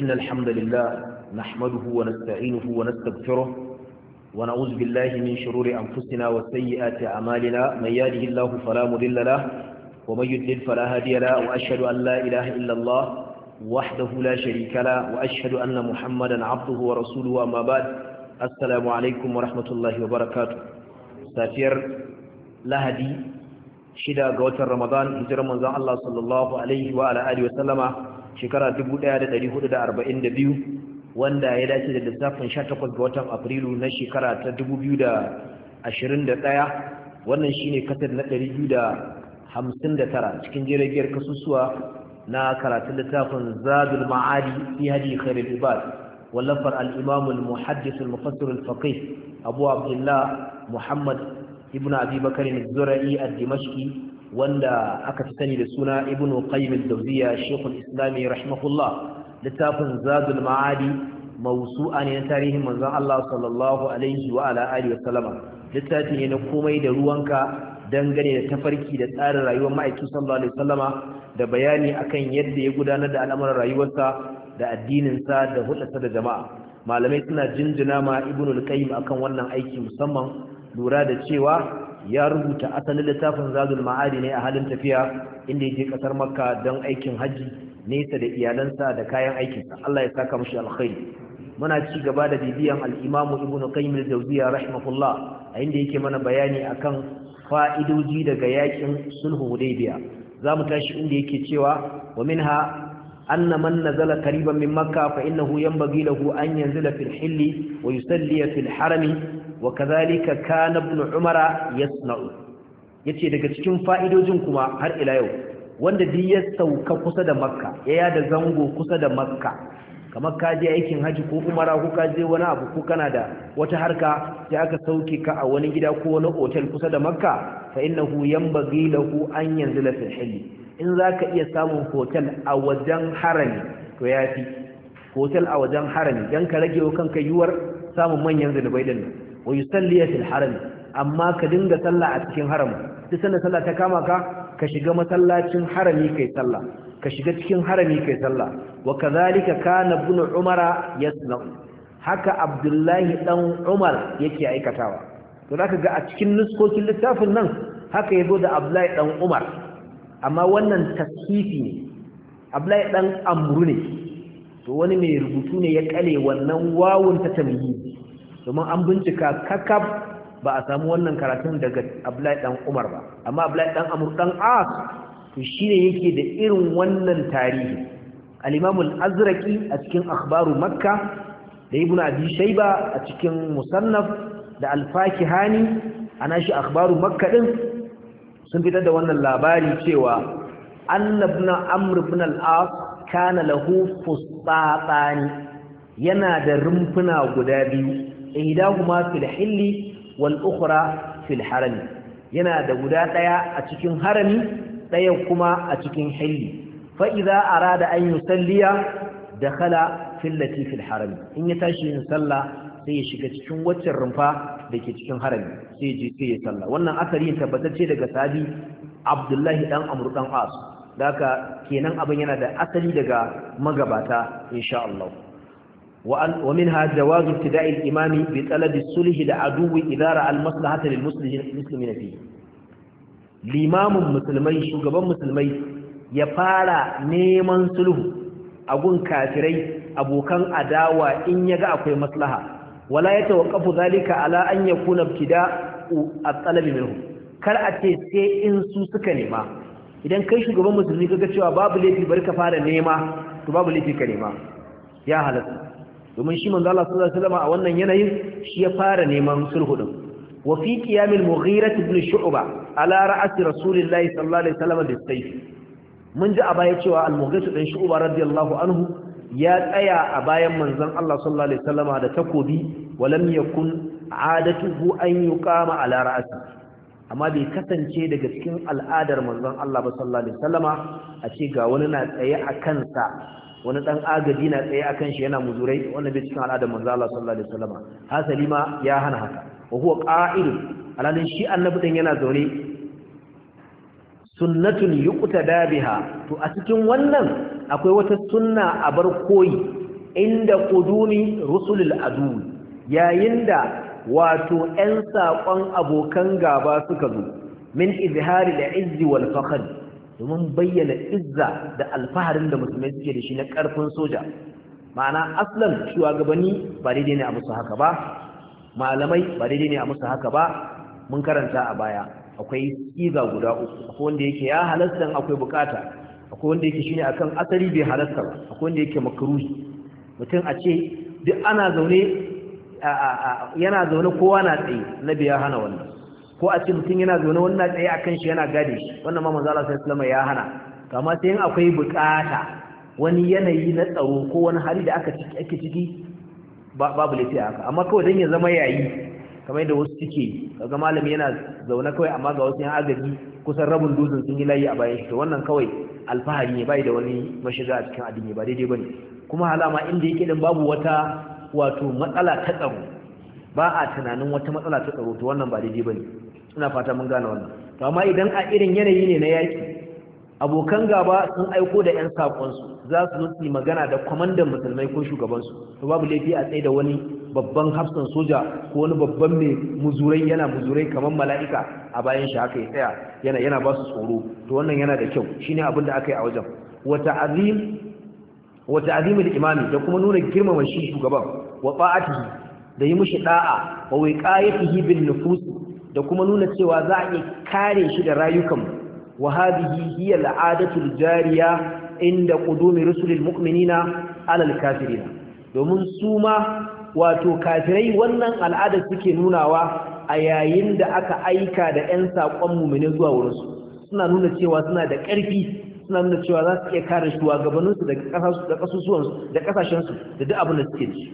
إن الحمد لله نحمده ونستعينه ونستغفره ونعوذ بالله من شرور أنفسنا وسيئات أعمالنا من يهده الله فلا مضل له ومن يضلل فلا هادي له وأشهد أن لا إله إلا الله وحده لا شريك له وأشهد أن محمدا عبده ورسوله أما بعد السلام عليكم ورحمة الله وبركاته سافر لهدي شدا قوة رمضان هجر منزع الله صلى الله عليه وعلى آله وسلم shekara 1442 wanda ya dace da lissafin 18 ga watan afrilu na shekara ta 2021 wannan shine kasar na 259 cikin jiragiyar kasusuwa na karatun littafin zadul ma'adi fi hadi khairul ibad wallafar al-imam al-muhaddith al-mufassir al-faqih abu abdullah muhammad ibn abi bakr al-zura'i al-dimashqi wanda aka fi sani da suna ibn qayyim al-dawziya shaykhul islami rahimahullah littafin zadul ma'adi mawsu'a ne na tarihin manzon Allah sallallahu alaihi wa ala alihi wa sallama littafi ne na komai da ruwanka dangane da tafarki da tsarin rayuwar ma'aiki sallallahu alaihi da bayani akan yadda ya gudanar da al'amuran rayuwarsa da addininsa da hulɗarsa da jama'a malamai suna jinjina ma Ibn al-qayyim akan wannan aiki musamman lura da cewa ya rubuta asalin littafin zadul ma'adi ne a halin tafiya inda yake kasar makka don aikin hajji nesa da iyalansa da kayan aikinsa Allah ya saka mushi alkhairi muna ci gaba da bibiyan al-imamu ibn qayyim al-jawziya rahimahullah a inda yake mana bayani akan fa'idoji daga yakin sulhu hudaybiya zamu tashi inda yake cewa wa minha أن من نزل قريبا من مكة فإنه ينبغي له أن ينزل في الحل ويسلي في الحرم wa kazalika kana ibn umara yasna'u yace daga cikin fa'idojin kuma har ila yau wanda duk ya sauka kusa da makka ya da zango kusa da makka kamar ka je aikin haji ko umara ko ka je wani abu ko kana da wata harka sai aka sauke ka a wani gida ko wani otel kusa da makka fa innahu yanbaghi lahu an yanzila fil hilli in zaka iya samun hotel a wajen harami to yafi hotel a wajen harami dan ka rage wa kanka yuwar samun manyan zanubai din wa yusalli fil haram amma ka dinga sallah a cikin haram duk sanda sallah ta kama ka ka shiga masallacin harami kai sallah ka shiga cikin harami kai sallah wa kadhalika kana ibn umar yasna haka abdullahi dan umar yake aikatawa to zaka ga a cikin nuskokin littafin nan haka yazo da abdullahi dan umar amma wannan tasfifi ne abdullahi dan amru ne to wani mai rubutu ne ya kale wannan wawun ta tamyizi domin an bincika kakab ba a samu wannan karatun daga Abdullahi dan Umar ba amma Abdullahi dan Amr dan As to shine yake da irin wannan tarihi al-Imam al-Azraqi a cikin akhbaru Makka da ibnu Abi Shayba a cikin Musannaf da al-Fakihani ana shi akhbaru Makka din sun fitar da wannan labari cewa annabna Amr ibn al-As kana lahu fustatani yana da rumfuna guda biyu ihdahuma fil hilli wal ukhra fil harami yana da guda daya a cikin harami daya kuma a cikin hilli fa idza arada an yusalliya dakhala fil lati fil harami in ya tashi yin sallah sai ya shiga cikin waccan rumfa da ke cikin harami sai je sai ya sallah wannan asari tabbatacce daga sahabi Abdullahi dan Amr dan As daga kenan abin yana da asali daga magabata insha Allah Wa ومنها جواز ابتداء الإمام بطلب الصلح لعدو إذا رأى المصلحة للمسلمين فيه limamin musulmai shugaban musulmai ya fara neman sulhu a gun kafirai abokan adawa in ya ga akwai maslaha wala ya tawakkafu zalika ala an yakuna ibtida at-talabi minhu kar a ce sai in su suka nema idan kai shugaban musulmi ga cewa babu laifi bari ka fara nema to babu laifi ka nema ya halatta domin shi manzo Allah sallallahu alaihi wasallam a wannan yanayin shi ya fara neman sulhu din wa fi qiyamil mughirah ibn shu'ba ala ra'si rasulillahi sallallahu alaihi wasallam da sayf mun ji a baya cewa al-mughirah ibn shu'ba radiyallahu anhu ya tsaya a bayan manzon Allah sallallahu alaihi wasallam da takobi walam yakun adatuhu an yuqama ala ra'si amma bai kasance daga cikin al'adar manzon Allah ba sallallahu alaihi wasallama a ce ga wani na tsaye a kansa wani dan agaji na tsaye akan shi yana muzurai wannan bai cikin al'adar manzo Allah sallallahu alaihi wasallam hasali ma ya hana haka wa huwa qa'il alalin shi annabi dan yana zaure sunnatun yuqtada biha to a cikin wannan akwai wata sunna a bar koyi inda qudumi rusulul adu yayin da wato 'yan saƙon abokan gaba suka zo min izhari da izzi wal fakhr domin bayyana izza da alfaharin da musulmai suke da shi na ƙarfin soja ma'ana aslan gabani ba daidai ne a musu haka ba malamai ba daidai ne a musu haka ba mun karanta a baya akwai iza guda uku akwai wanda yake ya halasta akwai bukata akwai wanda yake shine akan asali bai halasta ba akwai wanda yake makruhi mutum a ce duk ana zaune yana zaune kowa na tsaye na biya hana wannan ko a ce mutum yana zaune wani na tsaye akan shi yana gade wannan ma manzala sai sallallahu ya hana kama sai in akwai bukata wani yanayi na tsaro ko wani hali da aka ciki ake ciki babu lafiya haka amma kawai dan ya zama yayi kamar yadda wasu suke kaga malami yana zaune kawai amma ga wasu yan agaji kusan rabin dutsen sun yi layi a bayan shi to wannan kawai alfahari ne bai da wani mashiga a cikin addini ba daidai bane kuma halama inda yake din babu wata wato matsala ta tsaro ba a tunanin wata matsala ta tsaro to wannan ba daidai bane suna fata mun gane wannan to amma idan a irin yanayi ne na yaki abokan gaba sun aiko da ƴan sakonsu za su nutsi magana da kwamandan musulmai ko shugabansu to babu laifi a tsaye da wani babban hafsan soja ko wani babban mai muzurai yana muzurai kamar mala'ika a bayan shi haka ya tsaya yana yana ba su tsoro to wannan yana da kyau shine abin da aka yi a wajen wa ta'zim wa ta'zim al-imami da kuma nuna girmama shi shugaban wa fa'atihi da yi mushi da'a wa wiqayatihi bin nufus da kuma nuna cewa za a iya kare shi da rayukanmu wa hadhihi hiya al'adatu jariya inda qudumi rusulil mu'minina ala al-kafirin domin su ma wato kafirai wannan al'ada suke nunawa a yayin da aka aika da ƴan sakon mu'mini zuwa wurinsu suna nuna cewa suna da ƙarfi suna nuna cewa za su iya kare shugabanninsu da ƙasusuwansu da ƙasashensu da duk abin da suke ci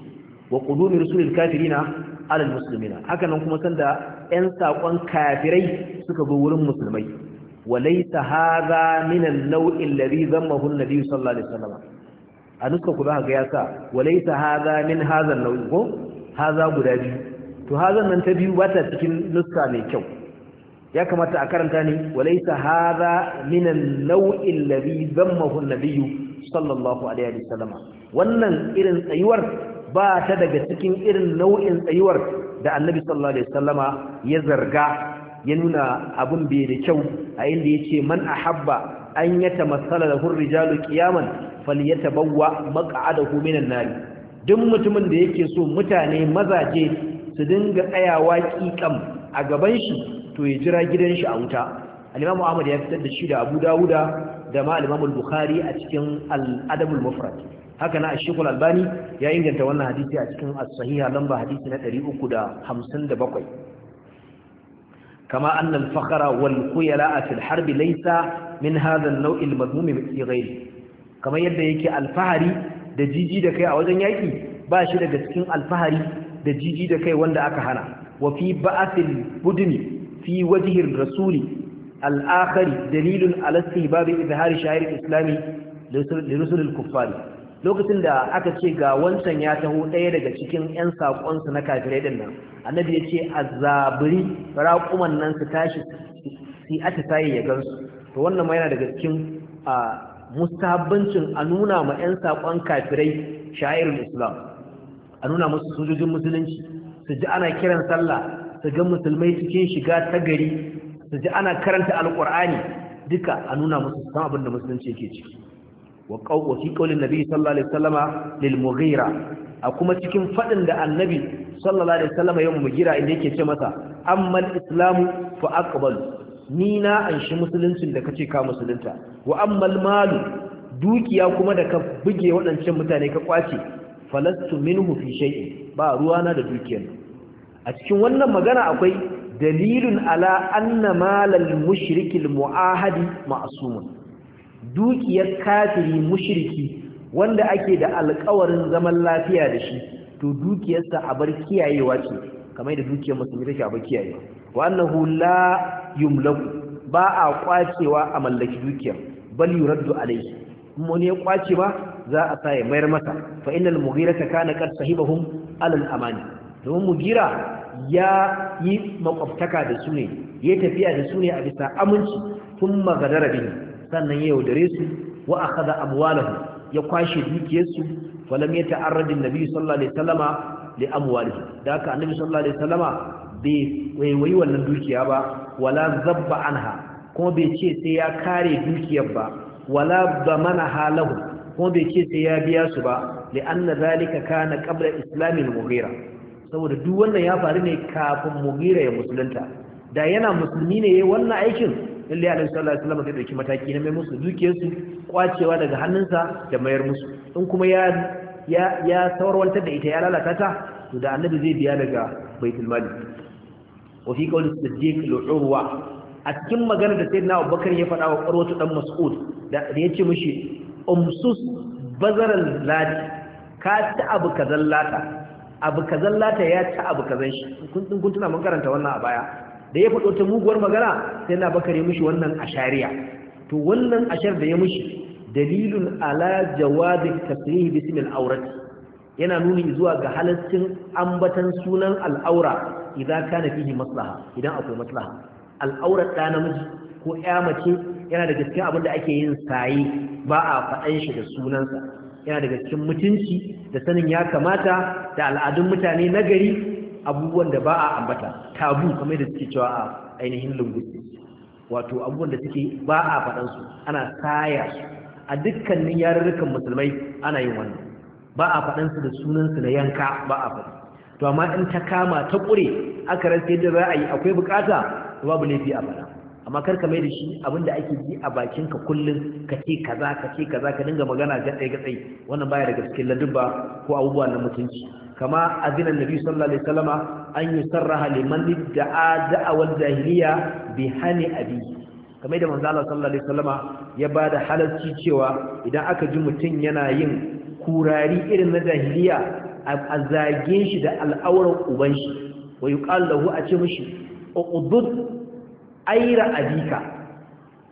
wa qudumi rusulil kafirina alal Musulmina. haka nan kuma sanda ƴan saƙon kafirai suka zo wurin musulmai walaita haza min nau'in nawi alladhi zammahu an-nabi sallallahu alaihi wasallam a nuska ku za ga ya sa walaita haza min hadha nau'in ko Haza guda biyu to hadha nan ta biyu ba ta cikin nuska mai kyau ya kamata a karanta ne walaita haza min nau'in nawi alladhi zammahu an-nabi sallallahu alaihi wasallam wannan irin tsayuwar ba ta daga cikin irin nau'in tsayuwar da annabi sallallahu alaihi sallama ya zarga ya nuna abin bai da kyau a inda ya ce man habba an ya matsala da hurri jalo kiyaman faliyata bawa maka'adahu minan nari duk mutumin da yake so mutane mazaje su dinga tsayawa kikam a gaban shi to ya jira gidan shi a wuta al Muhammad ya fitar da shi da abu dawuda da ma al bukhari a cikin al-adabul mufrad haka na ashikul albani ya inganta wannan hadisi a cikin as-sahiha lamba hadisi na 357 kama anna al-fakhra wal khuyala fi al-harb laysa min hadha an-naw' al-madmum fi ghayri kama yadda yake alfahari da jiji da kai a wajen yaki ba shi daga cikin alfahari da jiji da kai wanda aka hana wa fi ba'athil budni fi wajhi ar-rasuli al-akhir dalilun ala istihbab izhar sha'ir al-islami lirusul al-kuffari lokacin da aka ce ga wancan ya taho ɗaya daga cikin 'yan saƙonsu na kafirai din nan annabi ya ce a zaburi raƙuman nan su tashi su atisaye ya gansu to wannan ma yana daga cikin a a nuna ma 'yan saƙon kafirai sha'irul islam a nuna musu sojojin musulunci su ji ana kiran sallah su ga musulmai cikin shiga ta gari su ji ana karanta alƙur'ani duka a nuna musu san abin da musulunci yake ciki wa fi qaulin nabi sallallahu lil mughira a kuma cikin faɗin da annabi sallallahu alaihi wasallama ya inda yake ce masa Ammal al-islamu fa aqbal ni na anshi musuluncin da ka ce ka musulunta wa amma malu dukiya kuma da ka buge waɗancan mutane ka kwace falastu minhu fi shay'in ba na da dukiyar a cikin wannan magana akwai dalilun ala anna malal mushrikil muahadi ma'sumun dukiyar kafiri mushriki wanda ake da alƙawarin zaman lafiya da shi to dukiyarsa a bar kiyayewa ce kamar da dukiyar musulmi take a bar kiyayewa wa annahu la yumlaku ba a kwacewa a mallaki dukiyar bal yuraddu alayhi kuma ne kwace ba za a sa ya mayar masa fa innal mughira kana qad sahibahum alal amani domin mughira ya yi makwabtaka da su ne ya tafiya da su ne a bisa aminci kun magadara bin sannan ya yaudare su wa akhadha amwalahu ya kwashe dukiyarsu walam ya ta'arrajin nabi sallallahu alaihi wasallama li amwalihi da ka annabi sallallahu alaihi wasallama bai waiwayi wannan dukiya ba wala zabba anha kuma bai ce sai ya kare dukiyar ba wala damana halahu kuma bai ce sai ya biya su ba li'anna zalika kana qabla islamil mughira saboda duk wannan ya faru ne kafin mughira ya musulunta da yana musulmi ne yayin wannan aikin lalle annabi sallallahu alaihi wasallam zai ɗauki mataki na mai musu dukiyarsu kwacewa daga hannunsa da mayar musu in kuma ya ya ya da ita ya lalata ta to da annabi zai biya daga baitul mali wa fi qawli siddiq al-urwa a cikin magana da sayyidina abubakar ya faɗa wa qarwatu dan mas'ud da ya ce mishi umsus bazaral lati ka ta abu kazan lata abu kazan lata ya ta abu kazan shi kun kun tuna mun karanta wannan a baya da ya faɗo ta muguwar magana sai na bakar ya mushi wannan ashariya to wannan ashar da ya mushi dalilun ala jawabin tasrihi bismil aurat yana nuni zuwa ga halaccin ambatan sunan al'aura idan kana fihi maslaha idan akwai maslaha al'aurar da namiji ko ya mace yana da abin abinda ake yin saye ba a faɗan shi da sunansa yana daga cikin mutunci da sanin ya kamata da al'adun mutane na gari abubuwan da ba a ambata tabu kamar da suke cewa a ainihin lungusi wato abubuwan da suke ba a su ana saya su a dukkanin yarurrukan musulmai ana yin wannan ba a su da sunansu na yanka ba a faɗi to amma in ta kama ta ƙure aka rasa yadda za a yi akwai bukata babu laifi a faɗa amma kar ka mai da shi abin da ake ji a bakin ka kullum ka ce kaza ka ce kaza ka dinga magana ga gatsai wannan baya daga cikin ladubba ko abubuwan na mutunci Kama أذن النبي صلى الله عليه وسلم أن يسرها لمن ادعى دعوى الجاهلية بحن أبيه kamar da manzo Allah sallallahu alaihi wasallama ya bada halarci cewa idan aka ji mutun yana yin kurari irin na jahiliya a zage shi da al'auran uban shi wa yuqal lahu a ce mishi uqud aira abika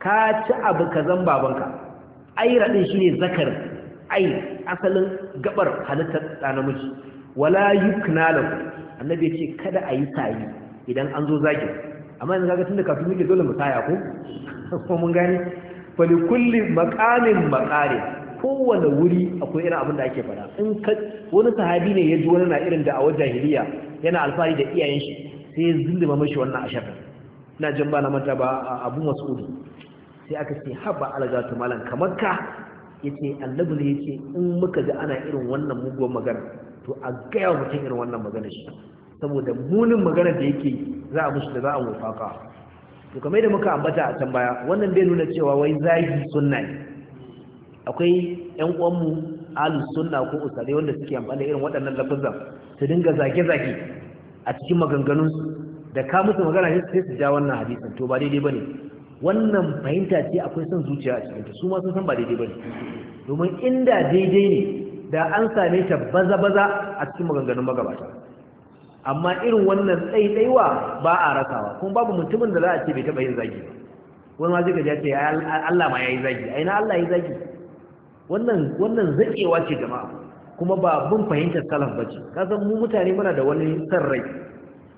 ka ci abu kazan babanka aira din shine zakar ai asalin gabar halittar da namiji wala yukna lahu annabi yace kada ayi tayi idan an zo zaki, amma yanzu kaga tunda kafin muke dole mu saya ko ko mun gane fa li kulli maqamin maqari kowane wuri akwai irin abin da ake faɗa. in ka wani sahabi ne ya ji wani na irin da a jahiliya yana alfahari da iyayen shi sai ya zulluma mashi wannan ashar ina jin ba na manta ba abu mas'udi sai aka ce haba algatu malan kamar ka yace annabi ne yace in muka ji ana irin wannan muguwar magana to a gaya mutum irin wannan magana shi saboda munin magana da yake za a musu da za a wufaka to kame da muka ambata a can baya wannan bai nuna cewa wai zagi sunna ne akwai ƴan uwanmu ahlus sunna ko usare wanda suke amfani irin waɗannan lafazan su dinga zage-zage a cikin maganganunsu da ka musu magana ne sai su ja wannan hadisin to ba daidai bane wannan fahimta ce akwai son zuciya a cikin ta su ma sun san ba daidai bane domin inda daidai ne da an same ta baza-baza a cikin maganganun magabata amma irin wannan tsaitsaiwa ba a rasawa kuma babu mutumin da za a ce bai taba yin zagi wani ma zai gaji ce Allah ma ya zagi a ina Allah yayi yi zagi wannan zakewa ce jama'a kuma ba bin fahimtar salaf ba ce san mu mutane muna da wani san rai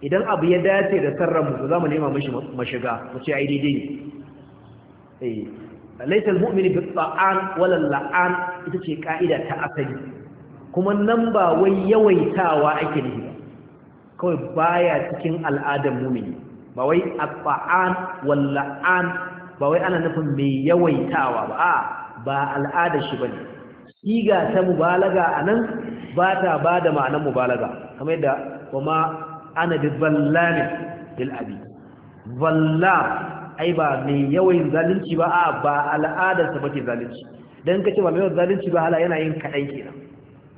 idan abu ya dace da san ranmu za mu nema mishi mashiga mu ce ai daidai eh laisal mu'mini bi ta'an la'an ita ce ka'ida ta asali kuma nan ba wai yawaitawa ake nufi kawai baya cikin al'adar mu'mini ba wai at la'an ba wai ana nufin mai yawaitawa ba a ba al'adar shi bane siga ta mubalaga anan ba ta bada ma'anar mubalaga kamar yadda kuma ana bi zallamin lil abi ai ba mai yawan zalunci ba a ba al'adarsa ba ke zalunci don ka ba mai yawan zalunci ba hala yana yin kaɗan kenan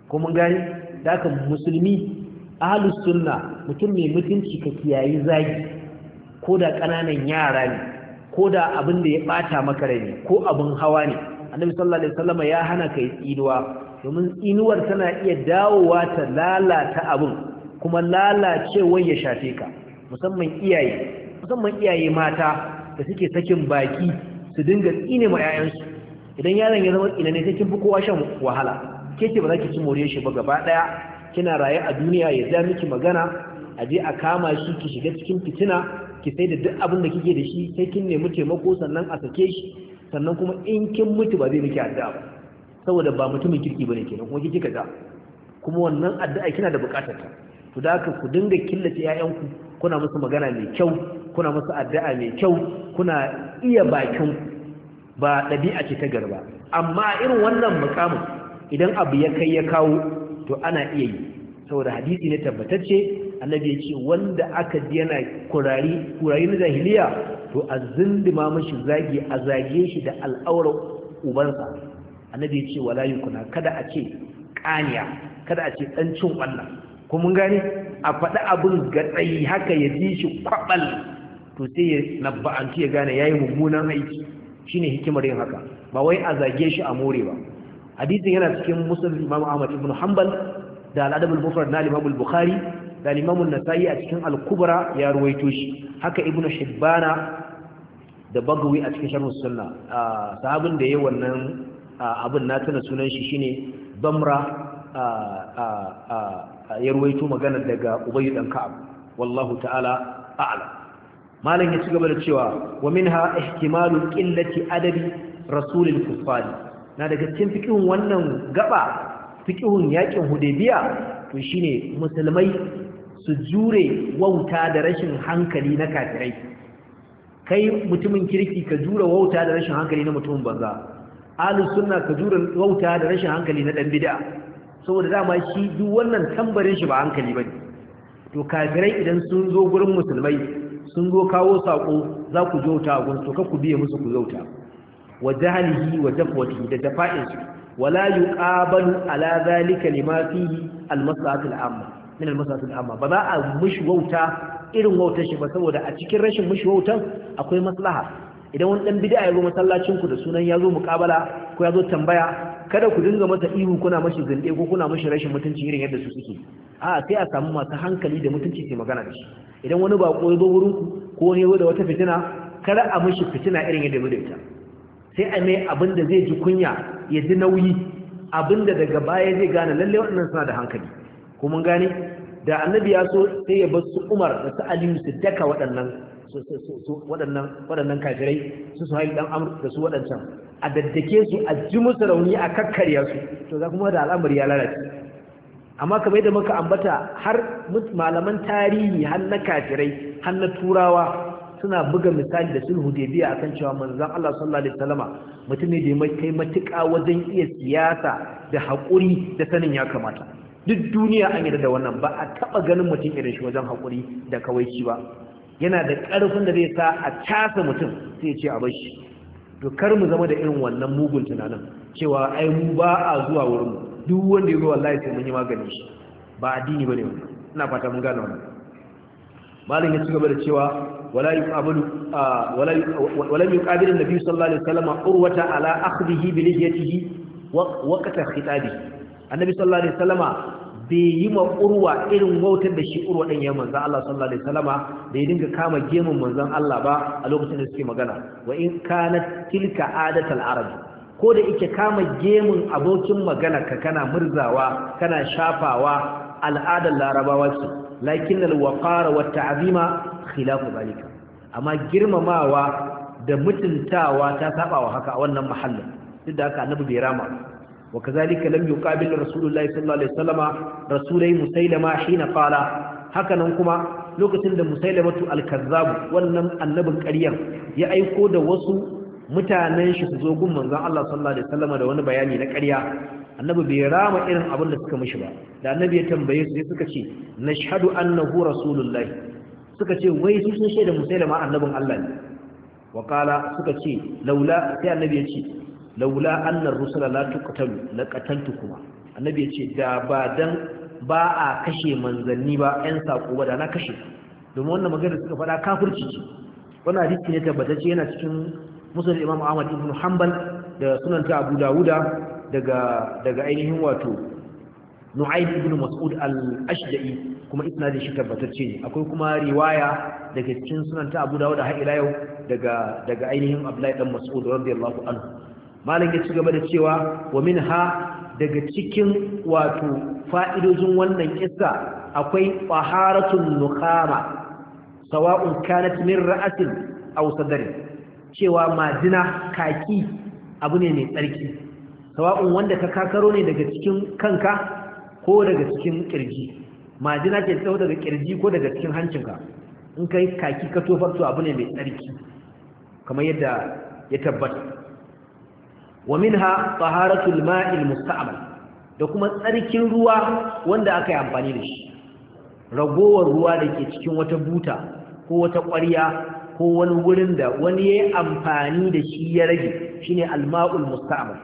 ko mun gani da musulmi ahalus sunna mutum mai mutunci ka kiyayi zagi ko da ƙananan yara ne ko da abin da ya ɓata maka rai ko abin hawa ne annabi sallallahu alaihi wasallam ya hana kai tsinuwa domin tsinuwar tana iya dawowa ta lalata abin kuma lalacewar ya shafe ka musamman iyaye musamman iyaye mata da suke sakin baki su dinga tsine ma 'ya'yansu idan yaron ya zama ina ne sai kin fi kowa shan wahala ke ce ba za ki ci more shi ba gaba ɗaya kina raye a duniya ya ja miki magana a je a kama shi ki shiga cikin fitina ki sai da duk abin da kike da shi sai kin nemi taimako sannan a sake shi sannan kuma in kin mutu ba zai miki addu'a ba saboda ba mutumin kirki bane kenan kuma kike kaza kuma wannan addu'a kina da bukatar ta to da haka ku dinga killace 'ya'yanku kuna musu magana mai kyau kuna masu addu'a mai kyau kuna iya bakin ba ɗabi'a ce ta garba amma irin wannan mukamin idan abu ya kai ya kawo to ana iya yi saboda hadisi ne tabbatacce annabi ya ce wanda aka ji yana kurari kurari na jahiliya to a zindima mashi zagi a zage shi da al'aurar ubansa annabi ya ce wala yukuna kada a ce kaniya kada a ce dan cin wannan ko mun gane a faɗi abin gatsayi haka ya ji shi kwabal to sai ya nabba'antu ya gane yayi mummunan aiki shine hikimar yin haka ba wai a zage shi a more ba hadisin yana cikin muslim imam ahmad ibn hanbal da al-adab na Limamul bukhari da imam nasai a cikin al-kubra ya ruwaito shi haka ibnu hibbana da bagawi a cikin sharh sunna sahabin da yayi wannan abin na tana sunan shi shine bamra ya ruwaito magana daga ubayy dan ka'ab wallahu ta'ala a'lam malam ya cigaba da cewa wa minha ihtimalu qillati adabi rasulil kuffari na daga cikin fikihun wannan gaba fikihun yakin hudaybiya to shine musulmai su jure wauta da rashin hankali na kafirai kai mutumin kirki ka jure wauta da rashin hankali na mutumin banza ahlus sunna ka jure wauta da rashin hankali na dan bid'a saboda dama shi duk wannan tambarin shi ba hankali bane to kafirai idan sun zo gurin musulmai sun zo kawo sako za ku jauta a gunsu ka ku biya musu ku zauta wa jahalihi wa jafwati da dafa'insu wala yuqabalu ala zalika lima fihi amma amma ba za a mushi wauta irin wautar shi ba saboda a cikin rashin mushi wautar akwai maslaha idan wani dan bid'a ya zo masallacin ku da sunan ya zo muqabala ko ya zo tambaya kada ku dinga masa ihu kuna mashi zinde ko kuna mashi rashin mutunci irin yadda su suke a sai a samu masu hankali da mutunci su magana da shi idan wani ba ko zo wurin ku ko ne da wata fitina kada a mashi fitina irin yadda mu da sai a mai abin da zai ji kunya ya ji nauyi abinda daga baya zai gane lalle wannan suna da hankali ko mun gane da annabi ya so sai ya bar su Umar da su Ali su daka waɗannan waɗannan waɗannan kafirai su su haɗi ɗan amur da su waɗancan a daddake su a ji musu rauni a kakkarya su to za kuma da al'amari ya lalace amma kamar yadda muka ambata har malaman tarihi har kafirai har na turawa suna buga misali da sulhu da a akan cewa manzon Allah sallallahu alaihi wasallama mutum ne da ya kai matuƙa wajen iya siyasa da haƙuri da sanin ya kamata duk duniya an yarda da wannan ba a taɓa ganin mutum irin shi wajen haƙuri da kawaici ba yana da ƙarfin da zai sa a casa mutum sai ce a bashi to kar mu zama da irin wannan mugun tunanin cewa ai mu ba a zuwa wurin mu duk wanda ya zo wallahi sai mun yi magani. shi ba addini bane ina fata mun gane wannan malin ya ci gaba da cewa wala yuqabilu wala wala yuqabilu nabi sallallahu alaihi wasallam urwata ala akhdihi bi lihiyatihi waqta khitabi annabi sallallahu alaihi wasallam bai yi ma urwa irin wautar da shi urwa ɗin ya manzan Allah sallallahu Alaihi wasallama da ya dinga kama gemun manzan Allah ba a lokacin da suke magana wa in kana tilka adatal arab ko da ike kama gemun abokin magana ka kana murzawa kana shafawa al'adar larabawa ce lakin alwaqara wa ta'zima khilafu zalika amma girmamawa da mutuntawa ta saba wa haka a wannan mahallin duk da haka annabi bai rama وكذلك لم يقابل رسول الله صلى الله عليه وسلم رسول مسيلمة حين قال هكذا نكما لوكتن مسيلمة الكذاب ونم النبي الكريم يأيكو دا وسو mutanen shi su zo gun manzon Allah sallallahu alaihi wasallam da wani bayani na ƙarya annabi bai rama irin abin da suka mishi ba da annabi ya tambaye su sai suka ce nashhadu annahu rasulullahi suka ce wai su sun shaida musailama annabin Allah ne wa qala suka ce laula sai annabi ya ce laula annar rusula la tuqtalu la qataltukuma annabi yace da ba dan ba a kashe manzanni ba ƴan sako ba da na kashe domin wannan magana suka faɗa kafirci ce wannan hadisi ne tabbatacce yana cikin musulun imam ahmad ibn hanbal da sunanta abu dawuda daga daga ainihin wato nu'aib ibn mas'ud al-ashda'i kuma isnadin shi tabbatacce ne akwai kuma riwaya daga cikin sunanta abu dawuda har ila yau daga daga ainihin abdullahi dan mas'ud radiyallahu anhu malam ya ci gaba da cewa wa minha daga cikin wato fa'idojin wannan kissa akwai faharatun nukama sawa'un kanat min ra'atin aw sadari cewa majina kaki abu ne mai tsarki sawa'un wanda ka kakaro ne daga cikin kanka ko daga cikin kirji majina ke tsawo daga kirji ko daga cikin hancinka in kai kaki ka tofar to abu ne mai tsarki kamar yadda ya tabbata wa minha taharatul ma'il musta'mal da kuma tsarkin ruwa wanda aka yi amfani da shi ragowar ruwa da ke cikin wata buta ko wata ƙwarya ko wani wurin da wani ya yi amfani da shi ya rage shine alma'ul musta'mal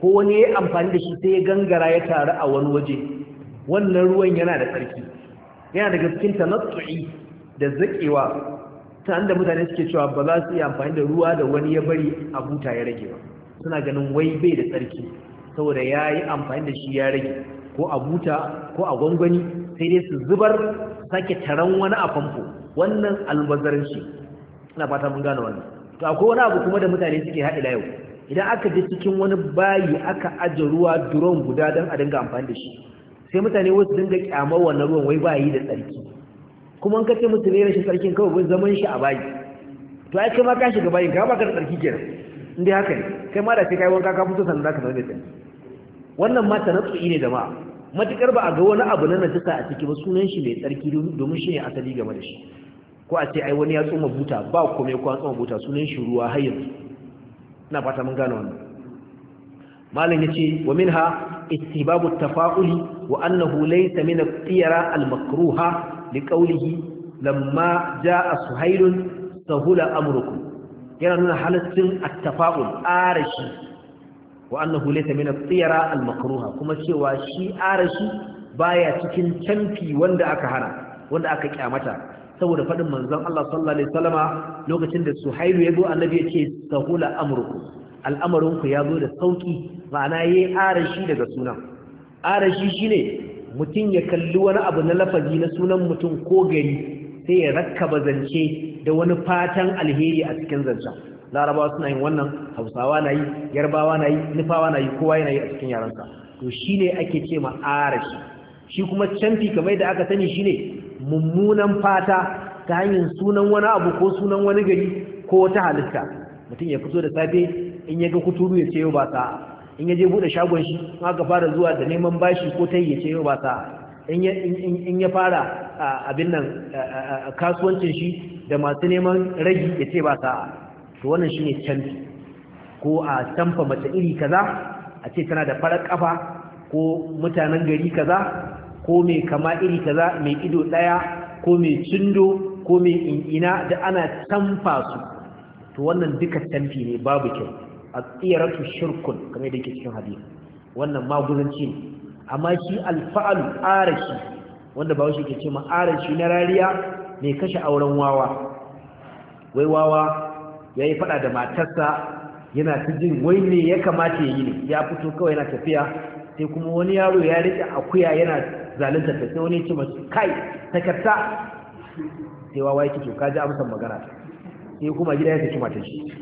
ko wani ya amfani da shi sai ya gangara ya taru a wani waje wannan ruwan yana da tsarki yana daga cikin tanatsu'i da zakewa ta da mutane suke cewa ba za su iya amfani da ruwa da wani ya bari a buta ya rage ba suna ganin wai bai da tsarki saboda ya yi amfani da shi ya rage ko a buta ko a gwangwani sai dai su zubar sake taron wani a famfo wannan albazarin shi fata mun gane wannan to akwai wani abu kuma da mutane suke haɗe da yau idan aka je cikin wani bayi aka aje ruwa drone guda don a dinga amfani da shi sai mutane wasu dinga kyamar wannan ruwan wai bayi da tsarki kuma an kace mutune ne rashin tsarkin kawai zaman shi a bayi to ai kai ma ka shiga bayin ka ba ka da tsarki kenan inda haka ne kai ma da ce kai wanka ka fito sannan zaka zama da tsarki wannan ma natsu ne da ma. matukar ba a ga wani abu na najasa a ciki ba sunan shi mai tsarki domin shi asali game da shi ko a ce ai wani ya tsoma buta ba kome ko an tsoma buta sunan shi ruwa har yanzu ina fata mun gane wannan malam yace wa minha ittibabu tafa'uli wa annahu laysa min al-qiyara al-makruha liqawlihi lamma jaa suhailun sahula amrukum yana nuna halaccin attafa'ul arashi wa annahu laysa min at-tiyara al-makruha kuma cewa shi arashi baya cikin canfi wanda aka hana wanda aka kyamata saboda fadin manzon Allah sallallahu alaihi wasallama lokacin da ya yazo annabi yace sahula amrukum al'amarinku ya zo da sauki ma'ana yayi arashi daga sunan arashi shine mutum ya kalli wani abu na lafazi na sunan mutum ko gari sai ya rakkaba zance da wani fatan alheri a cikin zancen larabawa suna yin wannan hausawa na yi yarbawa na yi nufawa na yi kowa yana yi a cikin yaransa to shi ne ake ce ma arashi shi kuma canfi kamar da aka sani shi ne mummunan fata ta hanyar sunan wani abu ko sunan wani gari ko wata halitta mutum ya fito da safe in ya ga kuturu ya ce yau ba sa in ya je buɗe shagon shi aka fara zuwa da neman bashi ko ta yi ya ce yau ba sa in ya fara abin nan kasuwancin shi da masu neman ragi ya ce ba sa'a to wannan shi ne canfi ko a canfa mace iri kaza a ce tana da farar kafa ko mutanen gari kaza ko mai kama iri kaza mai ido daya ko mai cindo ko mai in'ina da ana canfa su to wannan duka canfi ne babu kyau a tsiratu shirkun kamar da ke cikin hadisi wannan maguzanci ne amma shi alfa'alu arashi wanda ba shi ke ce ma arashi na rariya mai kashe auren wawa wai wawa ya yi fada da matarsa yana ta jin wai ne ya kamata ya yi ne ya fito kawai yana tafiya sai kuma wani yaro ya rike akuya yana zalinta ta sai wani ya ce masu kai takarta sai wawa ya kito kaji amsa magana sai kuma gida ya saki matar shi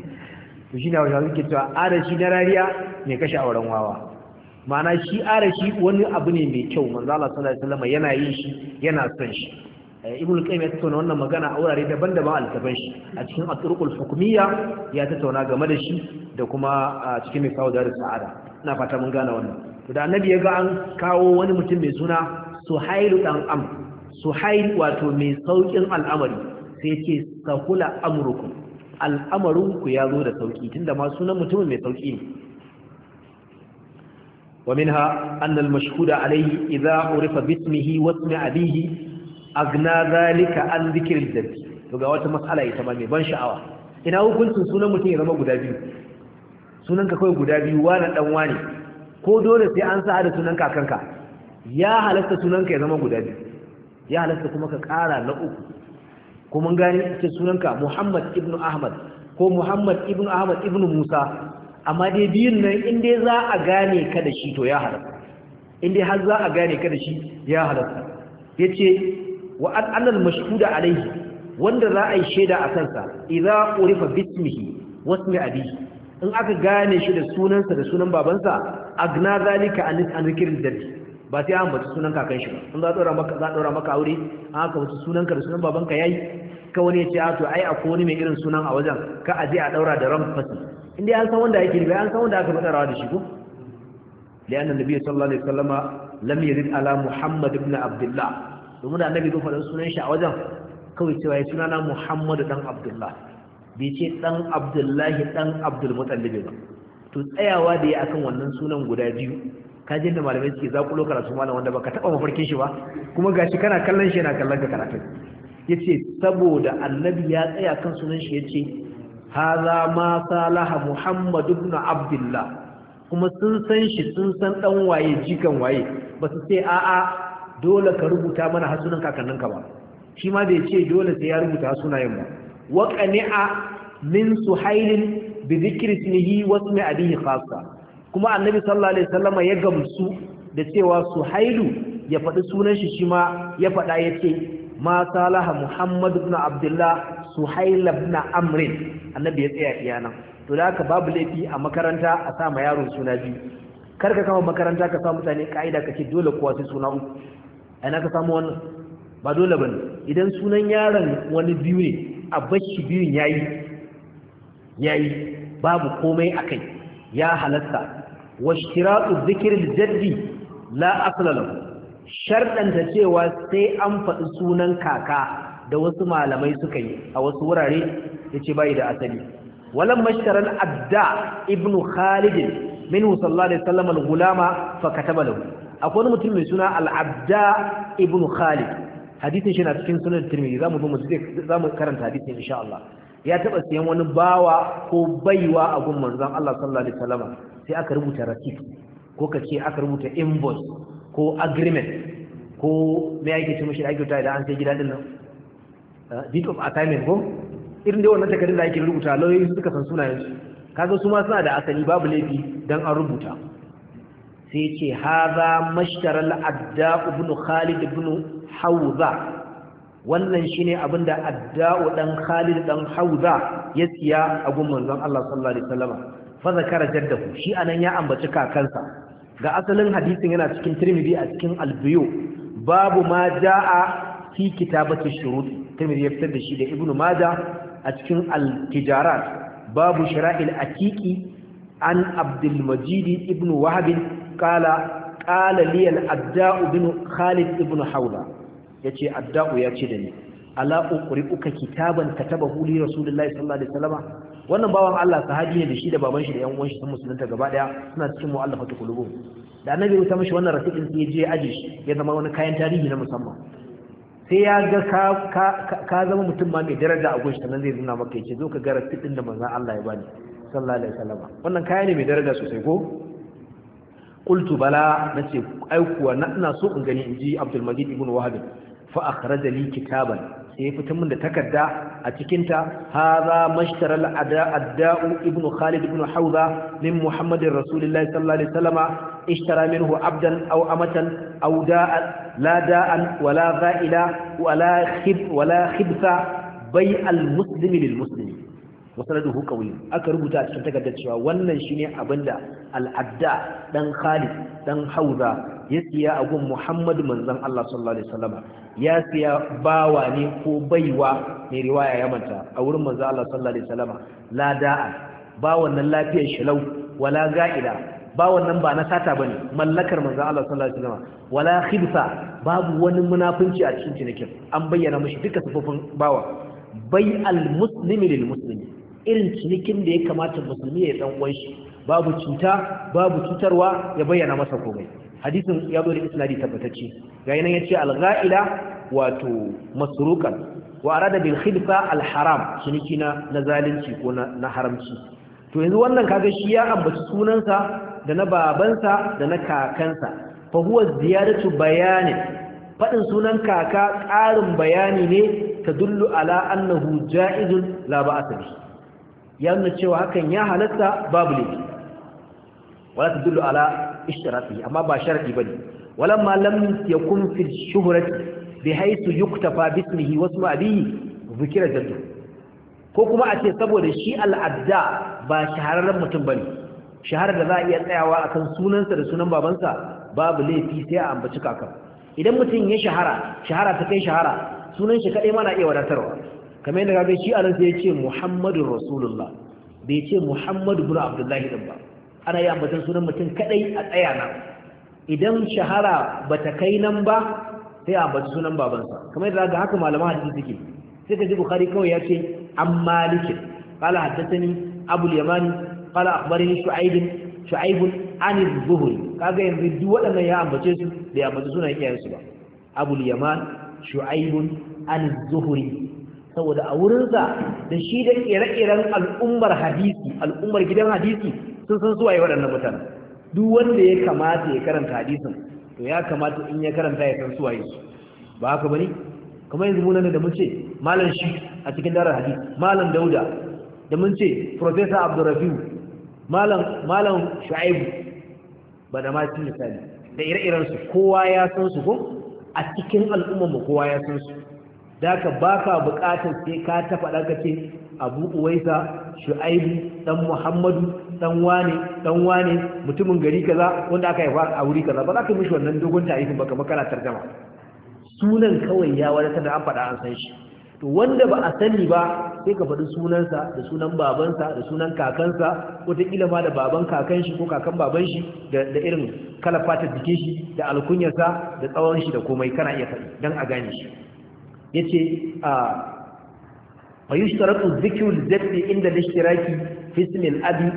to shi ne wajen suke cewa arashi na rariya mai kashe auren wawa ma'ana shi arashi wani abu ne mai kyau manzo Allah sallallahu alaihi wasallam yana yin shi yana son shi Eh, ibn qayyim ya tattauna wannan magana a wurare daban-daban alkaban shi a cikin at-turuqul hukmiyya ya tattauna game da shi da kuma cikin mai kawo darus sa'ada ina fata mun gane wannan to da annabi ya ga an kawo wani mutum mai suna suhail dan am suhail wato mai saukin al'amari sai ya ce sahula amrukum al'amarin ya zo da sauki tunda ma sunan mutumin mai sauki ne ومنها أن المشهود عليه إذا عرف باسمه واسم أبيه agna zalika an zikirin dambi to ga wata matsala ita ma mai ban sha'awa ina hukuncin sunan mutum ya zama guda biyu sunan ka kawai guda biyu wani dan wani ko dole sai an sa da sunan kakanka ya halasta sunan ka ya zama guda biyu ya halasta kuma ka kara na uku ko mun gani ita sunan ka Muhammad ibn Ahmad ko Muhammad ibn Ahmad ibn Musa amma dai biyun nan in dai za a gane ka da shi to ya halasta in dai har za a gane ka da shi ya halasta yace wa annal mashhuda alaihi wanda za a yi shaida a kansa idza urifa bismihi wasu wasmi abihi in aka gane shi da sunansa da sunan babansa agna zalika an an zikirin dadi ba sai an batu sunan kakan shi ba in za dora maka za dora maka aure an aka bata sunanka da sunan babanka ya yi, ka wani ya ce a to ai akwai wani mai irin sunan a wajen ka a je a ɗaura da ramfasi inda an san wanda yake riga an san wanda aka fada rawa da shi ko li'anna nabiyyu sallallahu alaihi wasallama lam yazid ala muhammad ibn abdullah domin da annabi da sunan shi a wajen kawai cewa ya sunana muhammadu dan abdullah bai ce dan abdullahi dan abdul ba to tsayawa da ya akan wannan sunan guda biyu ka da malamai suke lokara karatu malam wanda baka taba mafarkin shi ba kuma gashi kana kallon shi yana kallon ka karatu yace saboda annabi ya tsaya kan sunan shi yace haza ma salaha muhammad ibn abdullah kuma sun san shi sun san dan waye jikan waye ba su ce a'a dole ka rubuta mana hasunan kakanninka ba shi ma bai ce dole sai ya rubuta sunayen ba wa qani'a min suhailin bi dhikri ismihi wa ismi abihi khassa kuma annabi sallallahu alaihi wasallama ya gamsu da cewa suhailu ya faɗi sunan shi shi ma ya faɗa yace ma salaha muhammad ibn abdullah suhail ibn amr annabi ya tsaya iyana to da haka babu laifi a makaranta a sa ma yaron suna biyu kar ka kama makaranta ka sa mutane ka'ida ka ce dole kowa sai suna uku a ina ka samu wannan ba dole ba idan sunan yaron wani biyu ne a bashi biyun yayi yayi babu komai a kai, ya halatta shiratu zikir jaddi la asla lahu sharɗanta cewa sai an faɗi sunan kaka da wasu malamai suka yi a wasu wurare yace ce bayi da asali walan shiran adda ibnu khalid minhu sallallahu alaihi wasallam al-gulama fa kataba lahu akwai mutum mai suna al-abda ibn khalid hadisin shi na cikin sunan tirmidhi zamu zo mu zamu karanta hadisin insha Allah ya taba siyan wani bawa ko baiwa a gun manzon Allah sallallahu alaihi wasallam sai aka rubuta receipt ko kace aka rubuta invoice ko agreement ko me yake ce mishi da ake rubuta idan an sai gida din nan eh, deed of assignment ko irin dai wannan takardun da ake rubuta lauyoyi suka san sunayen su kaga su ma suna da asali babu laifi dan an rubuta sai ce haza mashtaral adda ibn khalid ibn Hauza. wannan shine abinda adda'u dan khalid dan Hauza ya siya a gun manzon Allah sallallahu alaihi wasallam fa zakara jaddahu shi anan ya ambaci kakansa ga asalin hadisin yana cikin tirmidhi a cikin albiyo babu ma jaa fi kitabati shurut tirmidhi ya fitar da shi da ibnu majah a cikin al-tijarat babu shira'il aqiqi an abdul majid ibn wahab qala qala bin khalid ibn hawla yace abda'u yace da ni ala uqri'uka kitaban katabahu li rasulillahi sallallahu alaihi wasallam wannan bawan Allah sahabi ne da shi da baban shi da yan uwan sun musulunta gaba ɗaya, suna cikin mu'allafatu qulubuhum da annabi ya wuta mishi wannan rasidin ya je aje shi ya zama wani kayan tarihi na musamman sai ya ga ka zama mutum ma mai daraja a gunshi na zai zuna maka yace zo ka gara fitin da manzon Allah ya bani sallallahu alaihi wasallam wannan kaya ne mai daraja sosai ko qultu bala nace aikuwa na ina so in gani inji Abdul Majid ibn Wahab fa akhraja li kitaban sai ya min da takarda a cikin ta hadha mashtara al-ada'u ibn Khalid ibn Hawza min muhammadin Rasulullahi sallallahu alaihi ishtara minhu abdan aw amatan aw da'an la da'an wala za'ila wala khib wala khibsa bai al-muslimi lil muslimi wasanaduhu aka rubuta a cikin takardar cewa wannan shine abinda al-adda dan Khalid dan Hauza ya siya agun gun Muhammad manzon Allah sallallahu alaihi wasallam ya siya bawa ne ko baiwa ne riwaya ya manta a wurin manzon Allah sallallahu alaihi wasallam la da'a ba wannan lafiyar shilau wala ga'ila bawan nan ba na sata ba ne, mallakar manzan Allah sallallahu wala khibsa babu wani munafunci a cikin cinikin an bayyana mashi duka sifofin bawa bai al muslimi lil muslimi irin cinikin da ya kamata musulmi ya dan uwan shi babu cuta babu cutarwa ya bayyana masa komai hadisin ya zo da isnadi tabbatacce ga yanan yace al ghaila wato masruqan wa arada bil al haram ciniki na na zalunci ko na haramci to yanzu wannan kaga shi ya ambaci sunansa da na babansa da na kakansa fa huwa ziyaratu bayani fadin sunan kaka ƙarin bayani ne dullu ala annahu ja'izun la ba'sa bi ya nuna cewa hakan ya halatta babu laifi wala dullu ala ishtirati amma ba sharadi bane walamma lam yakun fil shuhrati bihaythu yuktafa bismihi wa ismi abihi dhikra jaddu ko kuma a ce saboda shi al'adda ba shahararren mutum ba ne shaharar da za a iya tsayawa a kan sunansa da sunan babansa babu laifi sai a ambaci kakan idan mutum ya shahara shahara ta kai shahara sunan shi kaɗai mana iya wadatarwa kamar yadda gabe shi anan sai ya ce Muhammadu rasulullah bai ce muhammadu bin abdullahi din ba ana yi ambatan sunan mutum kaɗai a tsaya nan idan shahara ba ta kai nan ba sai a ambaci sunan babansa kamar yadda ga haka malaman hadisi suke sai ka ji bukari kawai ya ce عن مالك قال حدثني أبو اليماني قال أخبرني شعيب شعيب عن الظهري قال ينزل الدول أن يا هيك يا سبا أبو اليمان شعيب عن الظهري saboda a wurinsa da shi da ƙere-ƙeren al'ummar hadisi al'ummar gidan hadisi sun san suwaye waɗannan mutane duk wanda ya kamata ya karanta hadisin to ya kamata in ya karanta ya san suwaye su ba haka bane kamar yanzu munan da mu ce malam shi a cikin darar hadisi malam dauda da mun ce professor abdurrafiu malam shu'aibu ba da masu misali da ire-irensu kowa ya san su ko a cikin al'ummarmu kowa ya san su da ka ba ka buƙatar sai ka ta faɗa ka ce abu uwaisa shu'aibu ɗan muhammadu ɗan wane dan wane mutumin gari kaza wanda aka haifa a wuri kaza ba za ka mishi wannan dogon tarihin ba kamar kana tarjama sunan kawai ya wadatar da an faɗa an san shi to wanda ba a sani ba sai ka faɗi sunansa da sunan babansa da sunan kakansa wataƙila ma da baban kakan shi ko kakan baban shi da irin kala fata jikin shi da alkunyarsa da tsawon shi da komai kana iya faɗi don a gane shi ya ce a yi shitaratu zikin zafi inda shiraki fismin abi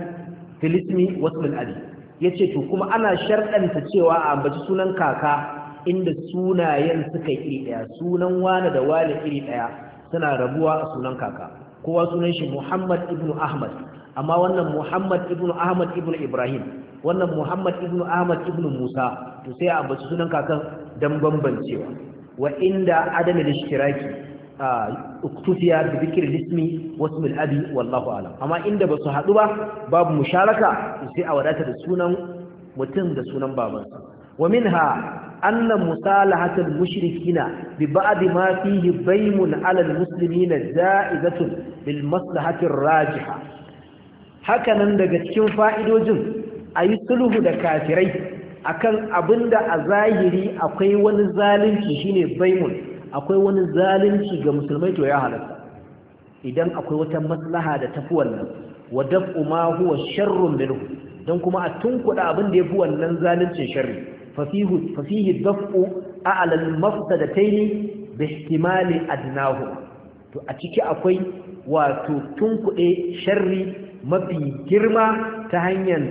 filismi wasmin abi ya ce to kuma ana sharɗanta cewa a ambaci sunan kaka inda sunayen suka iri ɗaya sunan wane da wane iri ɗaya suna rabuwa a sunan kaka kowa sunan shi Muhammad ibn Ahmad amma wannan Muhammad ibn Ahmad Ibrahim wannan Muhammad ibn Ahmad ibn Musa to sai a bace sunan kakan dan bambancewa wa inda adam al-ishtiraki uktufiya bi dhikr al-ismi wa al-abi wallahu a'lam amma inda basu hadu ba babu musharaka sai a wadata da sunan mutum da sunan babansa wa minha anna musalahatul mushrikina bi ba'd ma fihi baymun 'ala al-muslimina za'izatun maslahatir rajiha hakanan daga cikin fa'idojin ayi sulhu da kafirai akan abinda a zahiri akwai wani zalunci shine baymun akwai wani zalunci ga musulmai to ya halatta idan akwai wata maslaha da tafi wannan wa daf'u ma huwa sharrun minhu dan kuma a tunkuda abinda yafi wannan zaluncin sharri ففيه ففيه الدفع أعلى المفسدتين باحتمال أدناهما to a ciki akwai wato tunkuɗe sharri mafi girma ta hanyar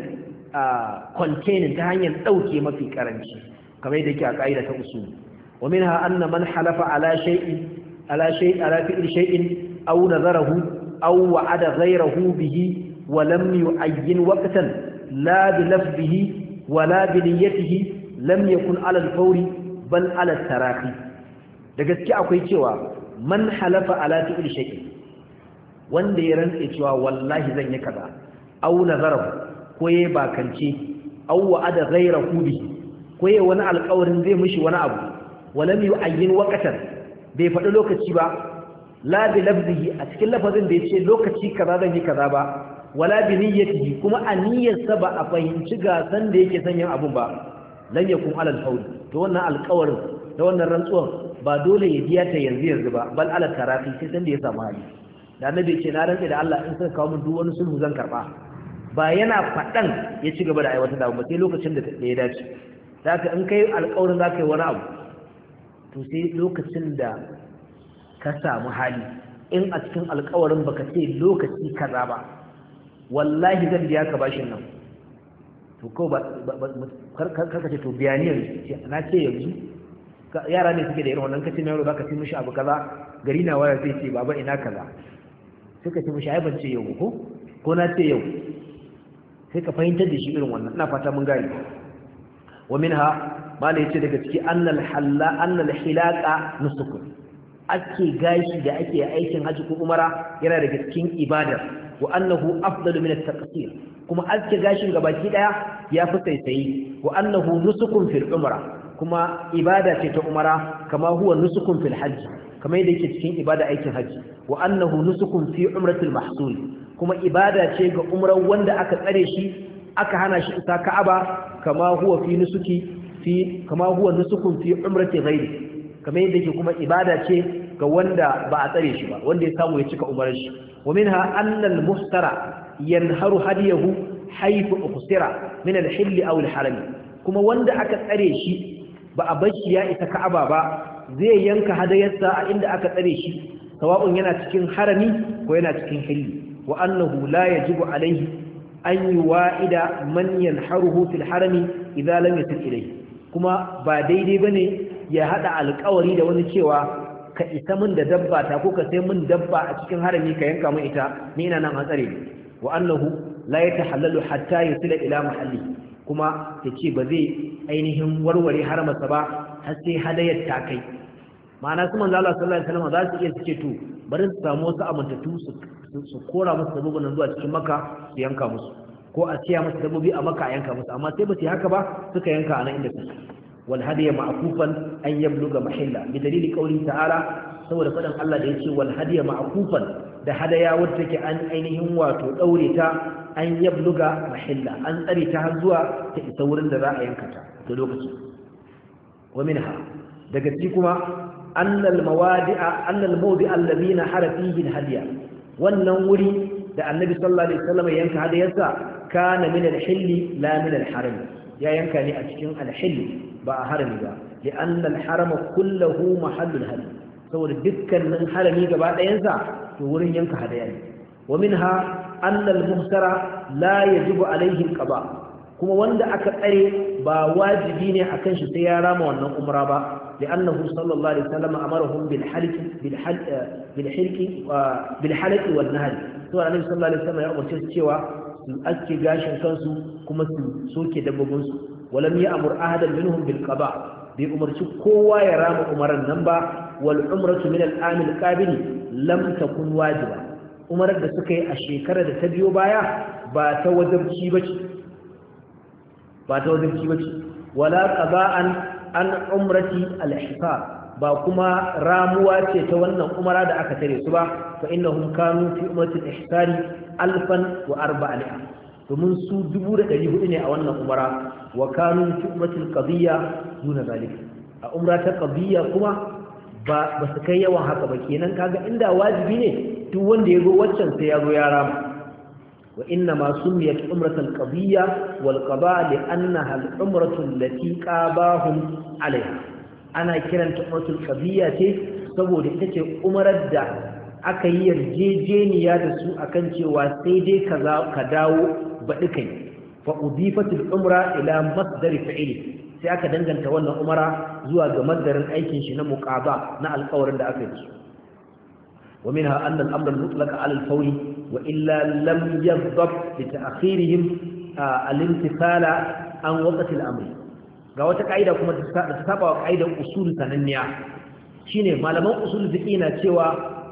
ɗauke mafi ƙaranci kamar yadda yake a ƙa'ida ta usuli wa min anna man halafa ala shay'in ala shay'in ala fi'il shay'in aw nazarahu aw bihi wa lam yu'ayyin waqtan la bi lafzihi wa la bi niyyatihi lam yakun alal fauri bal alal tarafi da gaske akwai cewa man halafa ala fi'il shay'in wanda ya rantsa cewa wallahi zan yi kaza aw nazara ko yayi bakance aw wa'ada ghayra kubi ko wani alƙawarin zai mishi wani abu walam yu'ayyin waqtan bai faɗi lokaci ba la bi lafzihi a cikin lafazin da yace lokaci kaza zan yi kaza ba wala bi niyyatihi kuma aniyarsa ba a fahimci gasan da yake son yin abun ba lan yakun alal fawd to wannan alƙawarin da wannan rantsuwar ba dole ya biya ta yanzu yanzu ba bal ala tarafi sai dan da ya samu hali da annabi ce na rantsa da Allah in sai kawo min duk wani sulhu zan karba ba yana faɗan ya ci gaba da aiwatar da ba sai lokacin da ya dace zaka in kai alƙawarin zaka yi wani abu to sai lokacin da ka samu hali in a cikin alƙawarin baka ce lokaci kaza ba wallahi zan biya ka bashin nan to ko ba karka to biyaniyar na ce yanzu yara ne suke da irin wannan kace yaro zaka ci mishi abu kaza gari na waya sai ce baba ina kaza sai ka ce mishi ai ban ce yau ko ko na ce yau sai ka fahimtar da shi irin wannan ina fata mun gane wa minha mala yace daga ciki annal halla annal hilaqa nusukun ake gashi da ake aikin haji ko umara yana daga cikin ibada wa annahu afdalu min at-taqsir kuma aske gashin gabaki daya ya fi saisayi wa annahu nusukun fil umra kuma ibada ce ta umara kama huwa nusukun fil hajji kamar yadda yake cikin ibada aikin hajji wa annahu nusukun fi umratil mahsul kuma ibada ce ga umrar wanda aka tsare shi aka hana shi isa ka'aba kama huwa fi nusuki fi kama huwa nusukun fi umrati ghairi kamar yadda yake kuma ibada ce ga wanda ba a tsare shi ba wanda ya samu ya cika umarar shi wa minha annal muhtara yanharu hadiyahu haythu ukhsira min al-hill aw al-harami kuma wanda aka tsare shi ba a bar shi ya isa ka'aba ba zai yanka hadayarsa a inda aka tsare shi sawa'un yana cikin harami ko yana cikin hilli wa annahu la yajibu alayhi an yuwa'ida man yanharuhu fil harami idza lam kuma ba daidai ba ne ya hada alƙawari da wani cewa ka isa min da dabba ta ko ka sai min dabba a cikin harami ka yanka min ita ni ina nan hatsari ne wa annahu la yatahallalu hatta yusila ila mahalli kuma yace ba zai ainihin warware haramarsa ba har sai hadayar ta kai ma'ana su manzo Allah sallallahu alaihi wasallam za su iya suke to bari su samu wasu amintattu su kora musu dabbobin nan zuwa cikin maka su yanka musu ko a siya musu dabbobi a maka a yanka musu amma sai ba su haka ba suka yanka a nan inda suke والهدي معكوفا أن يبلغ محلا بدليل قوله تعالى saboda faɗan Allah da yake wal hadiya ma'kufan da hadaya wadda take an ainihin wato daure ta an yabluga mahilla an tsare ta har zuwa ta isa wurin da za a yanka ta da lokaci wa minha daga ciki kuma annal mawadi'a annal mawdi'a alladhina harafihi hadiya wannan wuri da annabi sallallahu alaihi wasallam yanka hadayarsa kana min al-hilli la min al-harami ya yanka ne a cikin alhil ba a harami ba li anna alharama kullahu mahallul hadi saboda dukkanin harami gaba ɗayansa to wurin yanka hadaya ne wa minha anna almuhtara la yajibu alaihi alqaba kuma wanda aka tsare ba wajibi ne akan shi sai ya rama wannan umra ba لأنه صلى الله عليه وسلم أمرهم بالحلق بالحلق بالحلق, بالحلق والنهر سواء su aske gashin kansu kuma su soke dabbobinsu walam ya amur ahadan minhum bil qada bai umarci kowa ya rama umaran nan ba wal umratu min al amin qabil lam takun wajiba umarar da suka yi a shekarar da ta biyo baya ba ta wajibci bace ba ta wajibci bace wala qada'an an umrati al ihsab ba kuma ramuwa ce ta wannan umara da aka tare su ba fa innahum kanu fi ummatil ihsani alfan wa arba'a'a domin su hudu ne a wannan umara wa kanu fi ummatil qadiyya duna zalik a umra ta qadiyya kuma ba ba su kai yawan haka ba kenan kaga inda wajibi ne duk wanda ya zo waccan sai ya zo ya rama wa inna ma sumiyat umratul qadiyya wal qada li annaha al umratu allati qabahum alaiha ana kiranta umratul qadiyya ce saboda ita ce umarar da aka yi yarjejeniya da su akan cewa sai dai kaza ka dawo baɗi kai fa udifatul umra ila masdar fi'li sai aka danganta wannan umara zuwa ga masdarin aikin shi na muqaba na alƙawarin da aka yi ومنها أن الأمر المطلق على الفور وإلا لم يضب لتأخيرهم الامتثال عن وقت الأمر ga wata ka'ida kuma da saba wa ka'idar usul sananniya shine malaman usul fiqi na cewa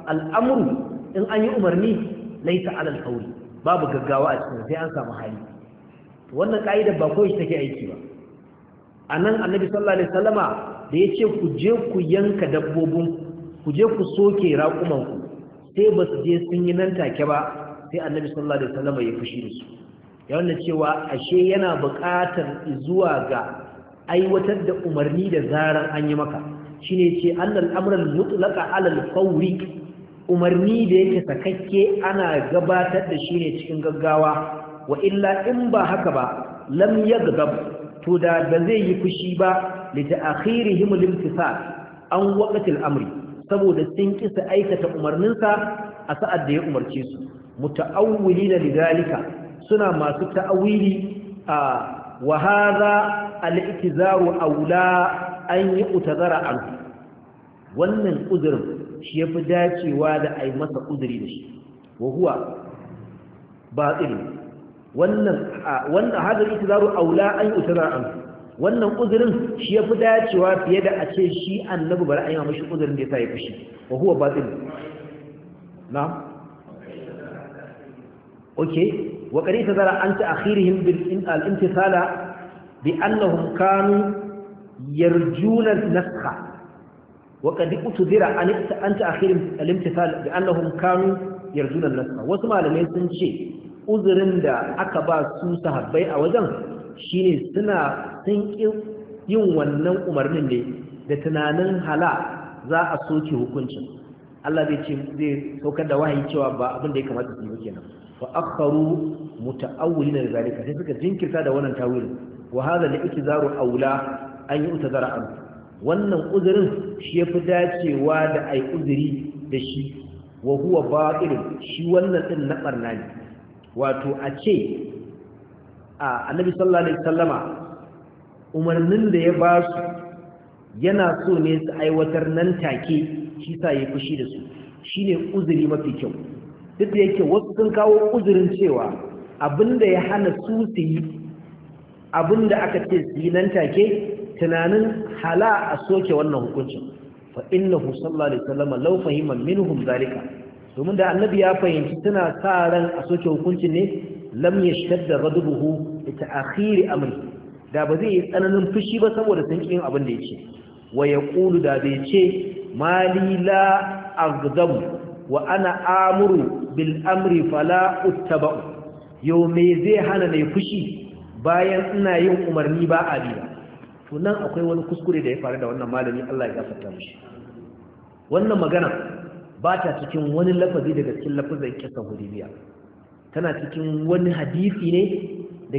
al'amru in an yi umarni laita alal qawli babu gaggawa a cikin sai an samu hali wannan ka'idar ba shi take aiki ba anan annabi sallallahu alaihi wasallama da yace ku je ku yanka dabbobin ku je ku soke raƙuman ku sai ba su je sun yi nan take ba sai annabi sallallahu alaihi wasallama ya fushi da su ya wannan cewa ashe yana buƙatar zuwa ga aiwatar da umarni da zarar an yi maka shine ce annal amral mutlaqa alal fawri umarni da yake sakakke ana gabatar da shi ne cikin gaggawa wa illa in ba haka ba lam yaghdab to da ba zai yi fushi ba lita ta'khirihim al-imtisal an waqtil amri saboda sun kisa aikata umarninsa a sa'ad da ya umarce su da lidhalika suna masu ta'awili a wa hadha al-iktizaru aula an yi utazara an wannan uzirin shi yafi dacewa da a yi masa uzuri da shi wa huwa batil wannan wannan hadha al-iktizaru aula an yi utazara an wannan uzirin shi yafi dacewa fiye da a ce shi annabi bar ayyama mashi uzirin da yasa ya fushi wa huwa tsiri. Na. Ok. وقد اعتذر عن تأخيرهم بالامتثال بأنهم كانوا يرجون النسخ وقد اعتذر عن تأخير الامتثال بأنهم كانوا يرجون النسخ uzurin da aka ba su sahabbai a wajen shine suna sun yin wannan umarnin ne da tunanin hala za a soke hukuncin Allah zai ce zai saukar da wahayi cewa ba abin da ya kamata su yi kenan fa akharu muta'awwilina lidhalika sai suka jinkirta da wannan wahala na hadha li'tizaru aula an yu'tazara an wannan uzurin shi yafi dacewa da ai uzuri da shi wa huwa batilun shi wannan ɗin na barna ne wato a ce a annabi sallallahu umarnin da ya ba su yana so ne su aiwatar nan take shi sa ya fushi da su shine uzuri mafi kyau duk da yake wasu sun kawo uzurin cewa abinda ya hana su su yi abinda aka ce su yi nan take tunanin hala a soke wannan hukuncin fa innahu sallallahu alaihi wasallam law fahima minhum zalika domin da annabi ya fahimci tana sa ran a soke hukuncin ne lam yashtadda ghadabuhu li ta'khir amri da ba zai yi tsananin fushi ba saboda sun abin da yake wa yaqulu da bai ce mali la aghdabu wa ana amuru bil amri fala uttaba'u yau me zai hana mai fushi bayan ina yin umarni ba a biya to nan akwai wani kuskure da ya faru da wannan malami Allah ya gafarta mushi wannan magana ba ta cikin wani lafazi daga cikin lafazin kisa hudaybiya tana cikin wani hadisi ne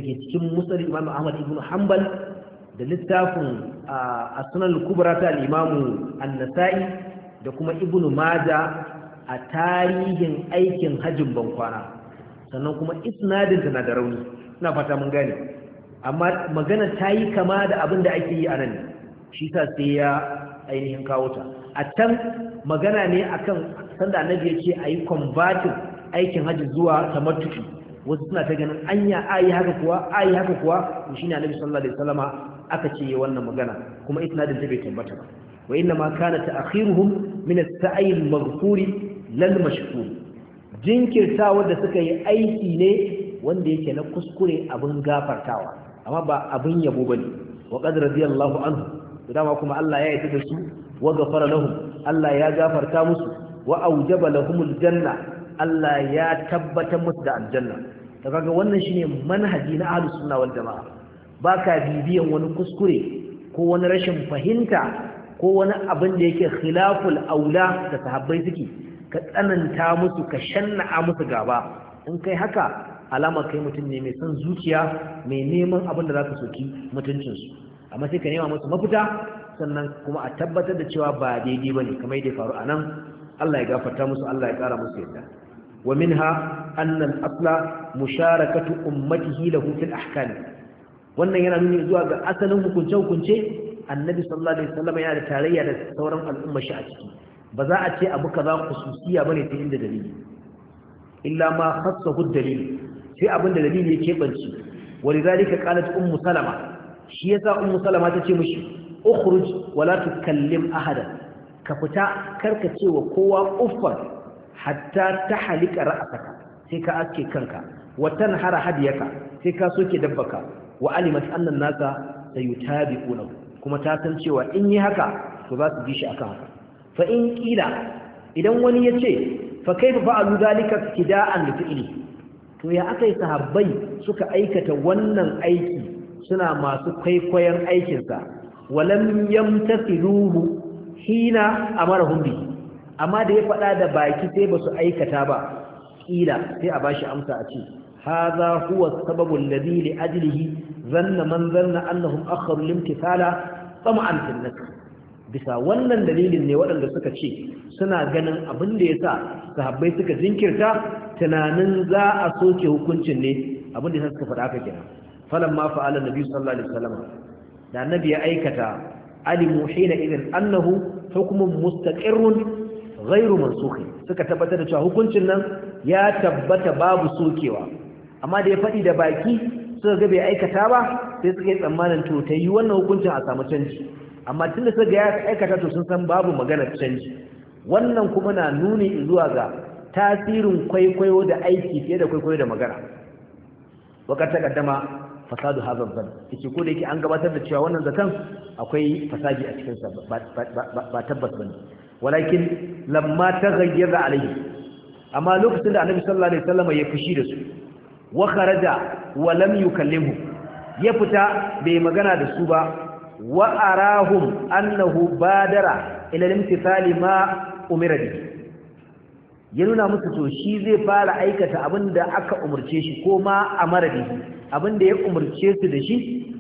ke cikin musnad Imam Ahmad ibn Hanbal da littafin a sunan kubra ta al-Imam da kuma Ibn Maja. a tarihin aikin hajjin bankwana sannan kuma isnadinta na da rauni na fata mun gane amma magana ta yi kama da abin da ake yi a nan shi ta sai ya ainihin kawo ta a can magana ne a kan sanda na ya ce a yi kwambatin aikin hajji zuwa matuki, wasu suna ta ganin anya ayi haka kuwa ayi haka kuwa shi ne annabi sallallahu alaihi wasallama aka ce yi wannan magana kuma isnadin ta bai tabbata ba wa inna ma kana akhiruhum min as-sa'i al-maghfuri lal mashkur jinkirtawa da suka yi aiki ne wanda yake na kuskure abin gafartawa amma ba abin yabo bane wa qad radiyallahu anhu dama kuma Allah ya yarda da su wa ghafara lahum Allah ya gafarta musu wa aujaba lahumul janna Allah ya tabbatar musu da aljanna to kaga wannan shine manhaji na ahlus sunna wal jamaa baka bibiyan wani kuskure ko wani rashin fahimta ko wani abin da yake khilaful aula da sahabbai suke ka tsananta musu ka shanna'a musu gaba in kai haka alama kai mutum ne mai son zuciya mai neman abin da za ka soki mutuncinsu amma sai ka nema musu mafita sannan kuma a tabbatar da cewa ba daidai ba ne kamar yadda faru a nan allah ya gafarta musu allah ya kara musu yadda wa minha annal asla musharakatu ummatihi hila fil ahkam wannan yana nuni zuwa ga asalin hukunce hukunce annabi sallallahu alaihi wasallam yana da tarayya da sauran al'umma shi a ciki ba za a ce abu kaza kususiya bane ta inda dalili illa ma khassahu dalil sai abin da dalili ya kebanci walidhalika qalat ummu salama shi yasa ummu salama ta ce mishi ukhruj wala tukallim ahada ka fita karka ce wa kowa uffan hatta ta halika ra'asaka sai ka aske kanka wa tanhara hadiyaka sai ka soke dabbaka wa alimat annan nasa sayutabi'una kuma ta san cewa in yi haka to za su bi shi akan haka Fa'in ƙila, idan wani ya ce fa kaifa fa'alu dalika tida'an li fi'li to ya yi sahabbai suka aikata wannan aiki suna masu kwaikwayon aikin sa walam yamtasiluhu hina mara hundi, amma da ya faɗa da baki sai basu aikata ba Ƙila, sai a bashi amsa a ce hadha huwa sababu alladhi ajlihi zanna man zanna annahum akharu limtithala tama'an fil nasr bisa wannan dalilin ne waɗanda suka ce suna ganin abin da ya sa sahabbai suka jinkirta tunanin za a soke hukuncin ne abin da ya sa suka faɗa ka gina. falan ma fa'ala nabi sallallahu alaihi wasallam da na ya aikata alimu hina idan annahu hukmun mustaqirrun ghairu mansukh suka tabbatar da cewa hukuncin nan ya tabbata babu sokewa amma da ya faɗi da baki suka ga bai aikata ba sai suka yi tsammanin to ta yi wannan hukuncin a samu canji amma tunda suka ya aikata to sun san babu magana canji wannan kuma na nuni zuwa ga tasirin kwaikwayo da aiki fiye da kwaikwayo da magana wakar ta kaddama fasadu hazan zan yake ko da yake an gabatar da cewa wannan zakan akwai fasadi a cikin sa ba tabbas bane walakin lamma ta taghayyara alaihi amma lokacin da annabi sallallahu alaihi wasallam ya fushi da su wa kharaja wa lam yukallimu ya fita bai magana da su ba Wa'arahun annahu badara ila limtithali ma umira ya nuna musu to shi zai fara aikata abinda aka umurce shi ko ma amara bi abinda ya umurce su da shi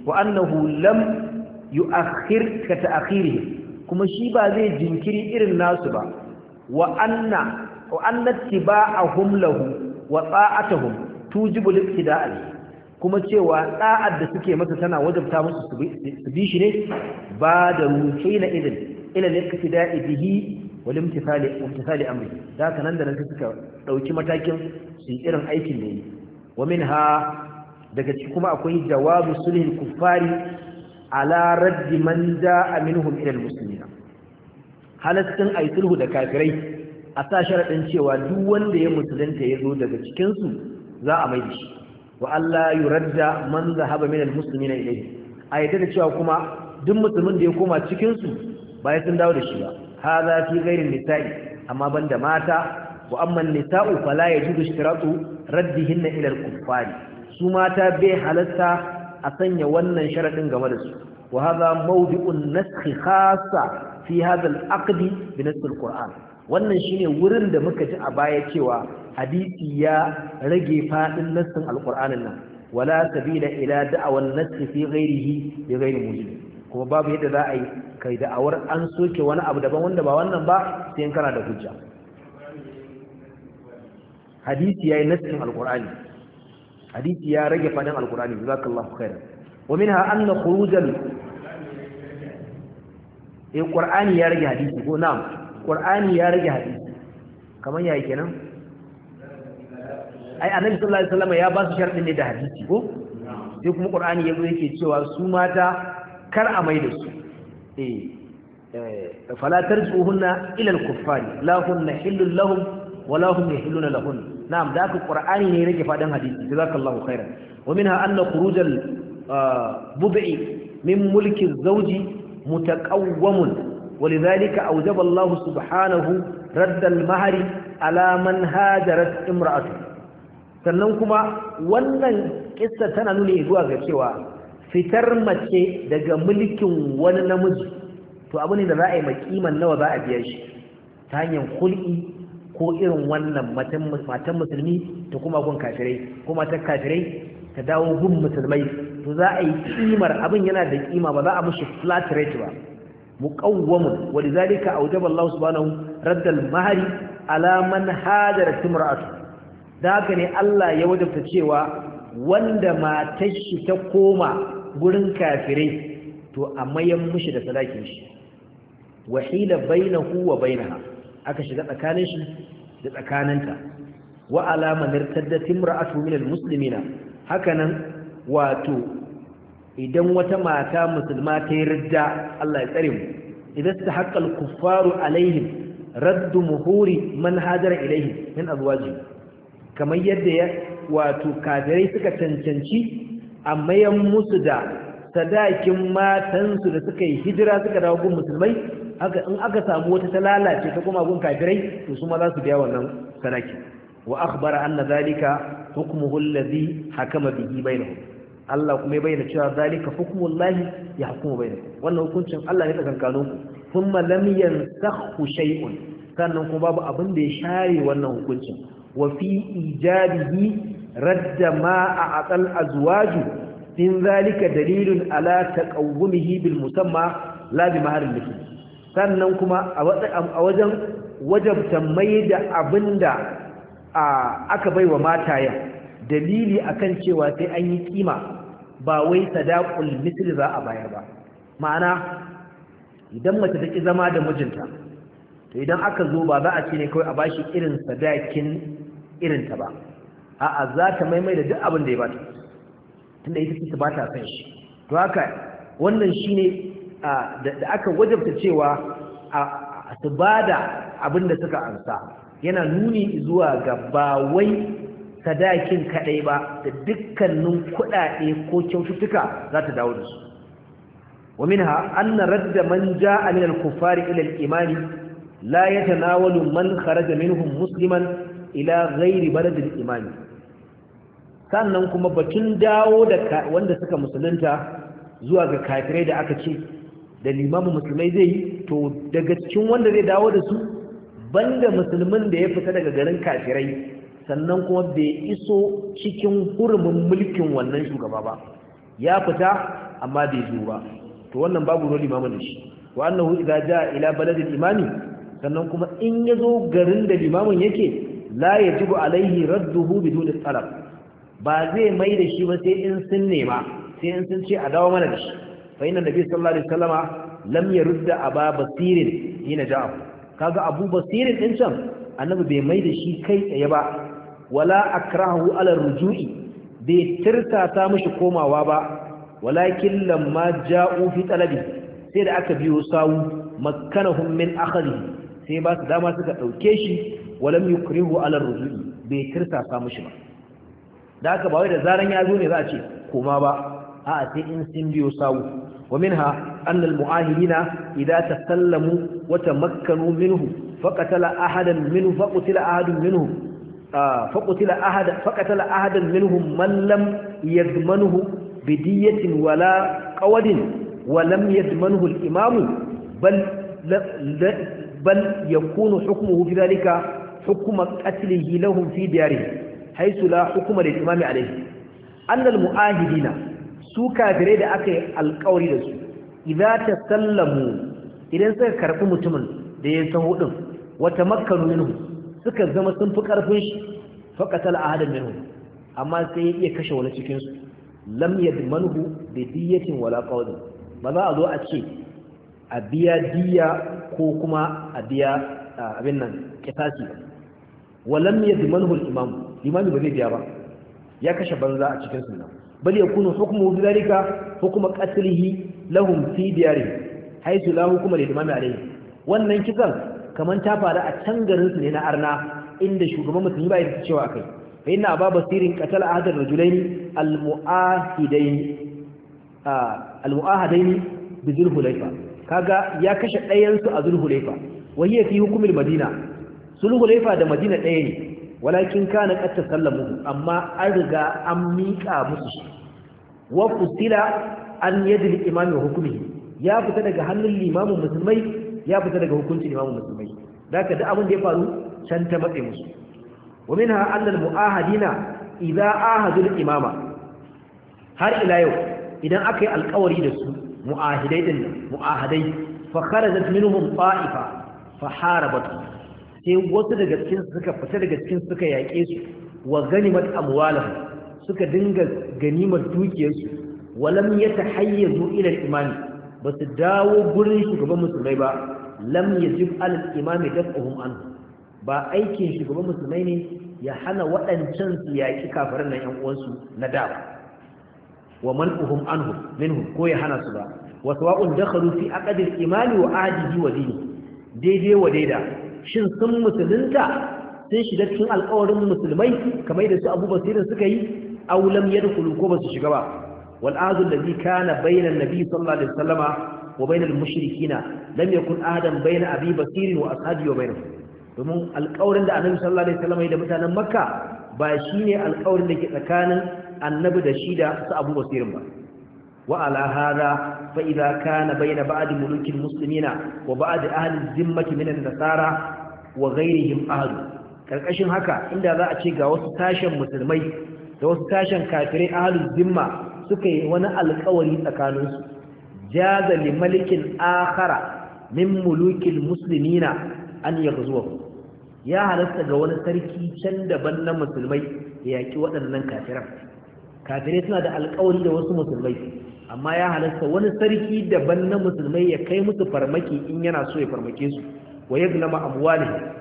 wa annahu lam yu'akhir ka kuma shi ba zai jinkiri irin nasu ba wa anna wa anna tiba'ahum wa ta'atuhum tujibu al kuma cewa ɗa'ad da suke masa tana wajabta musu su bi shi ne ba da ruhina idin ila liqtida'i bihi wani imtithali amri da ka nan da nan suka ɗauki matakin su irin aikin ne wa ha daga ciki kuma akwai jawabu sulhil kufari ala raddi man ja'a minhum ila almuslimin halattun ay sulhu da kafirai a sa sharadin cewa duk wanda ya musulunta ya zo daga cikinsu, za a mai shi wa Allah yuradda man zahaba min na ilayhi a yadda da cewa kuma duk musulmin da ya koma cikin su ba ya sun dawo da shi ba hadha fi ghairin nisa'i amma banda mata wa amma nisa'u fala yajuzu ishtiratu raddihinna ila al-kuffari su mata bai halatta a sanya wannan sharadin game da su wa hadha mawdi'un naskhi khassa fi hadha al-aqd bi nass al-qur'an wannan shine wurin da muka ji a baya cewa hadisi ya rage fadin nassin alqur'anin nan wala sabila ila da'awan nassi fi ghairihi bi ghairi mujib kuma babu yadda za a yi kai da'awar an soke wani abu daban wanda ba wannan ba sai in kana da hujja hadisi yayi nassin alqur'ani hadisi ya rage fadin alqur'ani jazakallahu khairan wa minha anna khurujal eh qur'ani ya rage hadisi ko na'am qur'ani ya rage hadisi kamar yayi kenan ai annabi sallallahu alaihi Salama ya ba su sharɗi ne da hadisi ko sai kuma ya yazo ke cewa su mata kar a mai da su eh, eh fala tarjuhunna ila al-kuffari la hunna hillun lahum wa la hum yahilluna lahun na'am da ka qur'ani ne rage fadan hadisi jazakallahu khairan wa minha anna khuruj al-bud'i ah, min mulki az-zawji mutaqawwamun ولذلك أوجب الله سبحانه رد المهر على من هاجرت امرأته sannan kuma wannan kissa tana nuni zuwa ga cewa fitar mace daga mulkin wani namiji to abu ne da za a yi makiman nawa za a biya shi ta hanyar hul'i ko irin wannan matan musulmi ta kuma gun kafirai kuma ta kafirai ta dawo gun musulmai to za a yi kimar abin yana da kima ba za a mushi flat rate ba muqawwamun walidhalika awjaba Allah subhanahu raddal mahari alaman man timur'atu timra'atu da haka ne Allah ya wajabta cewa wanda matar shi ta koma gurin kafirai to a mayan mushi da sadakin shi wahila bainahu wa bainaha aka shiga tsakanin shi da tsakaninta wa alama nirtadda timra'atu minal Haka nan, wato idan wata mata musulma ta yi ridda Allah ya tsare mu idan su haƙƙal kuffaru alaihim raddu muhuri man hadara ilaihim min azwaji kamar yadda ya wato kafirai suka cancanci amma mayan musu da sadakin matansu da suka yi hijira suka dawo gun musulmai haka in aka samu wata ta lalace ta kuma gun kafirai to su ma za su biya wannan sadaki wa akhbara anna zalika hukmuhu allazi hakama bihi bainahum Allah kuma ya bayyana cewa zalika hukmullahi ya hukuma bayyana wannan hukuncin Allah ne tsakankanin ku thumma lam yansakhu shay'un sannan kuma babu abin da ya share wannan hukuncin wa fi ijabihi radda ma a aqal azwaju min zalika dalilun ala taqawwumihi bil musamma la bi maharil mithl sannan kuma a wajen wajabta mai da abinda aka baiwa matayen dalili akan cewa sai an yi kima ba wai sadaqul misli za a bayar ba ma'ana idan mace take zama da mijinta to idan aka zo ba za a ce ne kawai a bashi irin sadakin irin ta ba a'a za ta maimaita duk abin da ya bata tunda ita ce ba ta san shi to haka wannan shine da aka wajabta cewa a su bada abin da suka ansa yana nuni zuwa ga ba sadakin kaɗai ba da dukkanin kuɗaɗe ko kyaututtuka za ta dawo da su wa minha anna radda man ja'a min al-kuffari ila al-imani la yatanawalu man kharaja minhum musliman ila ghairi balad imani sannan kuma batun dawo da wanda suka musulunta zuwa ga kafirai da aka ce da limamin musulmai zai yi to daga cikin wanda zai dawo da su banda musulmin da ya fita daga garin kafirai sannan kuma bai iso cikin hurumin mulkin wannan shugaba ba ya fita amma bai zo ba to wannan babu roli Limamin da shi wa annahu idza jaa ila al imami sannan kuma in yazo garin da limamin yake la yajibu alaihi radduhu bidun talab ba zai mai da shi ba sai in sun nema sai in sun ce a dawo mana da shi fa inna nabiy sallallahu alaihi wasallama lam yarudda aba basirin hina ja'a kaga abu basirin din can annabi bai mai da shi kai tsaye ba wala akrahu ala ruju'i bai tirtata mashi komawa ba walakin lamma ja'u fi talabi sai da aka biyo sawu makkanahum min akhadhi sai ba su dama suka dauke shi walam yukrihu ala ruju'i bai tirtata mishi ba da aka ba da zaran ya zo ne za a ce koma ba a'a sai in sun biyo sawu ومنها أن المعاهدين إذا تسلموا وتمكنوا منه فقتل أحدا منه فقتل أحد منهم faƙutila ahada faƙatala ahadan minhum man lam yadmanuhu bidiyatin wala qawadin wa lam yadmanuhu al-imamu bal bal yakunu hukmuhu fi dhalika hukma qatlihi lahum fi diyarihi haythu la hukma lil-imami alayhi anna al-mu'ahidina su kafirai da aka yi alƙawari da su idza tasallamu idan saka karbi mutumin da ya taho din wata makkanu suka zama sun fi ƙarfin shi faƙatal ahadan minhu amma sai ya iya kashe wani cikin su lam yadmanhu bi diyatin wala qawli ba za a zo a ce a biya diya ko kuma a biya abin nan kisasi wa lam yadmanhu al-imam imami ba zai biya ba ya kashe banza a cikin sunna bal yakunu hukmu bidalika hukmu qatlihi lahum fi diyarihim haythu la hukma lil-imami alayhi wannan kisan kamar ta faru a can garin su ne na arna inda shugaban musulmi ba ya cewa kai. fa inna ba basirin qatal ahadar rajulaini al muahidaini bi zulhulayfa kaga ya kashe ɗayan a zulhulayfa wa hiya fi hukumil madina zulhulayfa da madina ɗaya ne walakin kana qatta sallamu amma an riga an miƙa musu shi wa fusila an yadli imami hukumi ya fita daga hannun limamin musulmai ya fita daga hukuncin imamu musulmai da ka da abin da ya faru can ta matse musu wa minha annal mu'ahadina idza ahadu imama har ila yau idan aka yi alƙawari da su mu'ahidai din mu'ahadai fa kharajat minhum ta'ifa fa harabat sai wasu daga cikin suka fita daga cikin suka yaƙe su wa ganimat amwalahum suka dinga ganimar dukiyarsu walam yatahayyazu ila al ba su dawo gurin shugaban musulmai ba lam ji alal imami daf'uhum an ba aikin shugaban musulmai ne ya hana waɗancan su yaƙi kafarin na ƴan uwansu na da ba wa man'uhum anhu minhu ko ya hana su ba Wasu sawa'un dakhalu fi aqdi al-imami wa ahdihi wa dini daidai wa daida shin sun musulunta sun shiga cikin alƙawarin musulmai kamar da su abu basirin suka yi aulam ya kulu ko ba su shiga ba wal azu allazi kana bayna an-nabi sallallahu alaihi wasallama wa bayna al-mushrikina lam yakun ahadan bayna abi wa domin alƙawarin da annabi sallallahu alaihi yi da mutanen makka ba shi ne alƙawarin da ke tsakanin annabi da shi da su abu basirin ba وعلى هذا فإذا كان بين بعض ملوك المسلمين وبعض أهل الذمة من النصارى وغيرهم أهل karkashin haka inda za a ce ga wasu tashin musulmai da wasu tashin kafirai ahlul zimma suka yi wani alkawari tsakaninsu jaza li malikin akhara min mulukil muslimina an yaghzuwa ya halatta ga wani sarki can daban na musulmai ya yaki waɗannan kafiran kafirai suna da alkawari da wasu musulmai amma ya halatta wani sarki daban na musulmai ya kai musu farmaki in yana so ya farmake su wa yaglama amwalihim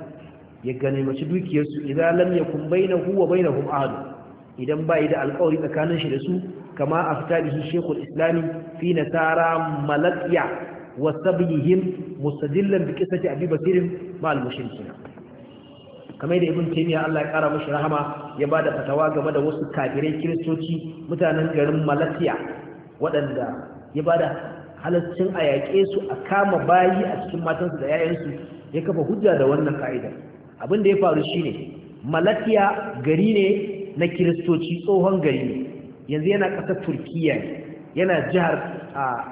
ya ganimaci dukiyarsu idan lam yakun bainahu wa bainahum ahad idan bai da alkawari tsakanin shi da su kama afta bihi shaykhul islami fi nasara malakiya wa sabihim mustadillan bi qissati abi basir ma al mushrikin kamar da ibn taymiya Allah ya kara mashi rahama ya bada fatawa game da wasu kafirai kiristoci mutanen garin malakiya waɗanda ya bada halaccin a yaƙe su a kama bayi a cikin matansu da 'ya'yansu ya kafa hujja da wannan ka'idar abin da ya faru shine malakiya gari ne na kiristoci tsohon gari ne yanzu yana ƙasar turkiya yana jihar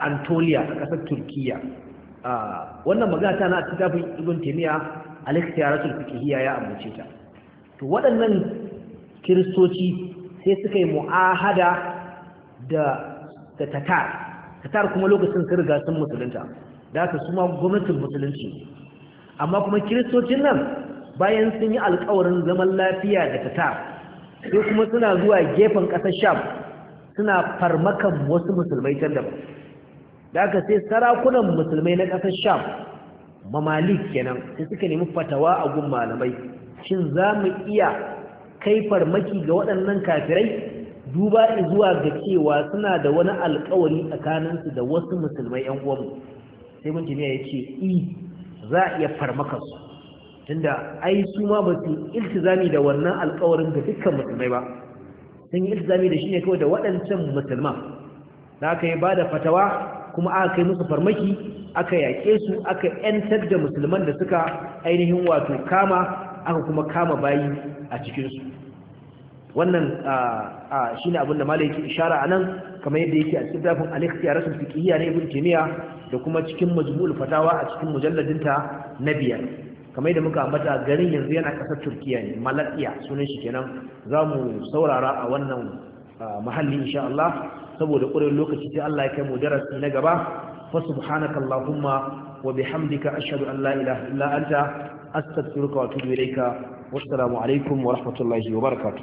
antolia a ƙasar turkiya wannan magana ta na a littafin ibn taymiya al-ikhtiyaratul fiqhiyya ya ambace ta to waɗannan kiristoci sai suka yi mu'ahada da da tatar tatar kuma lokacin sun riga sun musulunta da aka suma gwamnatin musulunci amma kuma kiristocin nan bayan sun yi alkawarin zaman lafiya da tatar sai kuma suna zuwa gefen ƙasar sham suna farmakan wasu musulmai can daban da aka sai sarakunan musulmai na ƙasar sham mamalik kenan sai suka nemi fatawa a gun malamai shin za mu iya kai farmaki ga waɗannan kafirai duba zuwa ga cewa suna da wani alkawari tsakaninsu da wasu musulmai yan uwanmu sai mun tumiya ya ce i za a iya su. tunda ai su ma ba su iltizami da wannan alkawarin ga dukkan musulmai ba sun yi zami da shi ne kawai da waɗancan musulma da aka yi ba da fatawa kuma aka kai musu farmaki aka yaƙe su aka ‘yantar da musulman da suka ainihin wato kama aka kuma kama bayi a cikinsu wannan shi ne abinda mala yake ishara a nan kamar yadda yake a cikin alexia rasul fikiyya na ibn kimiyya da kuma cikin majmu'ul fatawa a cikin mujalladinta na biyar kamar da muka ambata garin yanzu yana kasar turkiya ne malatiya sunan shi kenan za mu saurara a wannan mahalli insha Allah saboda ƙurin lokaci sai Allah ya kai mu darasi na gaba fa subhanaka allahumma wa bihamdika ashhadu an la ilaha illa anta astaghfiruka wa atubu ilayka wassalamu alaikum wa rahmatullahi wa barakatuh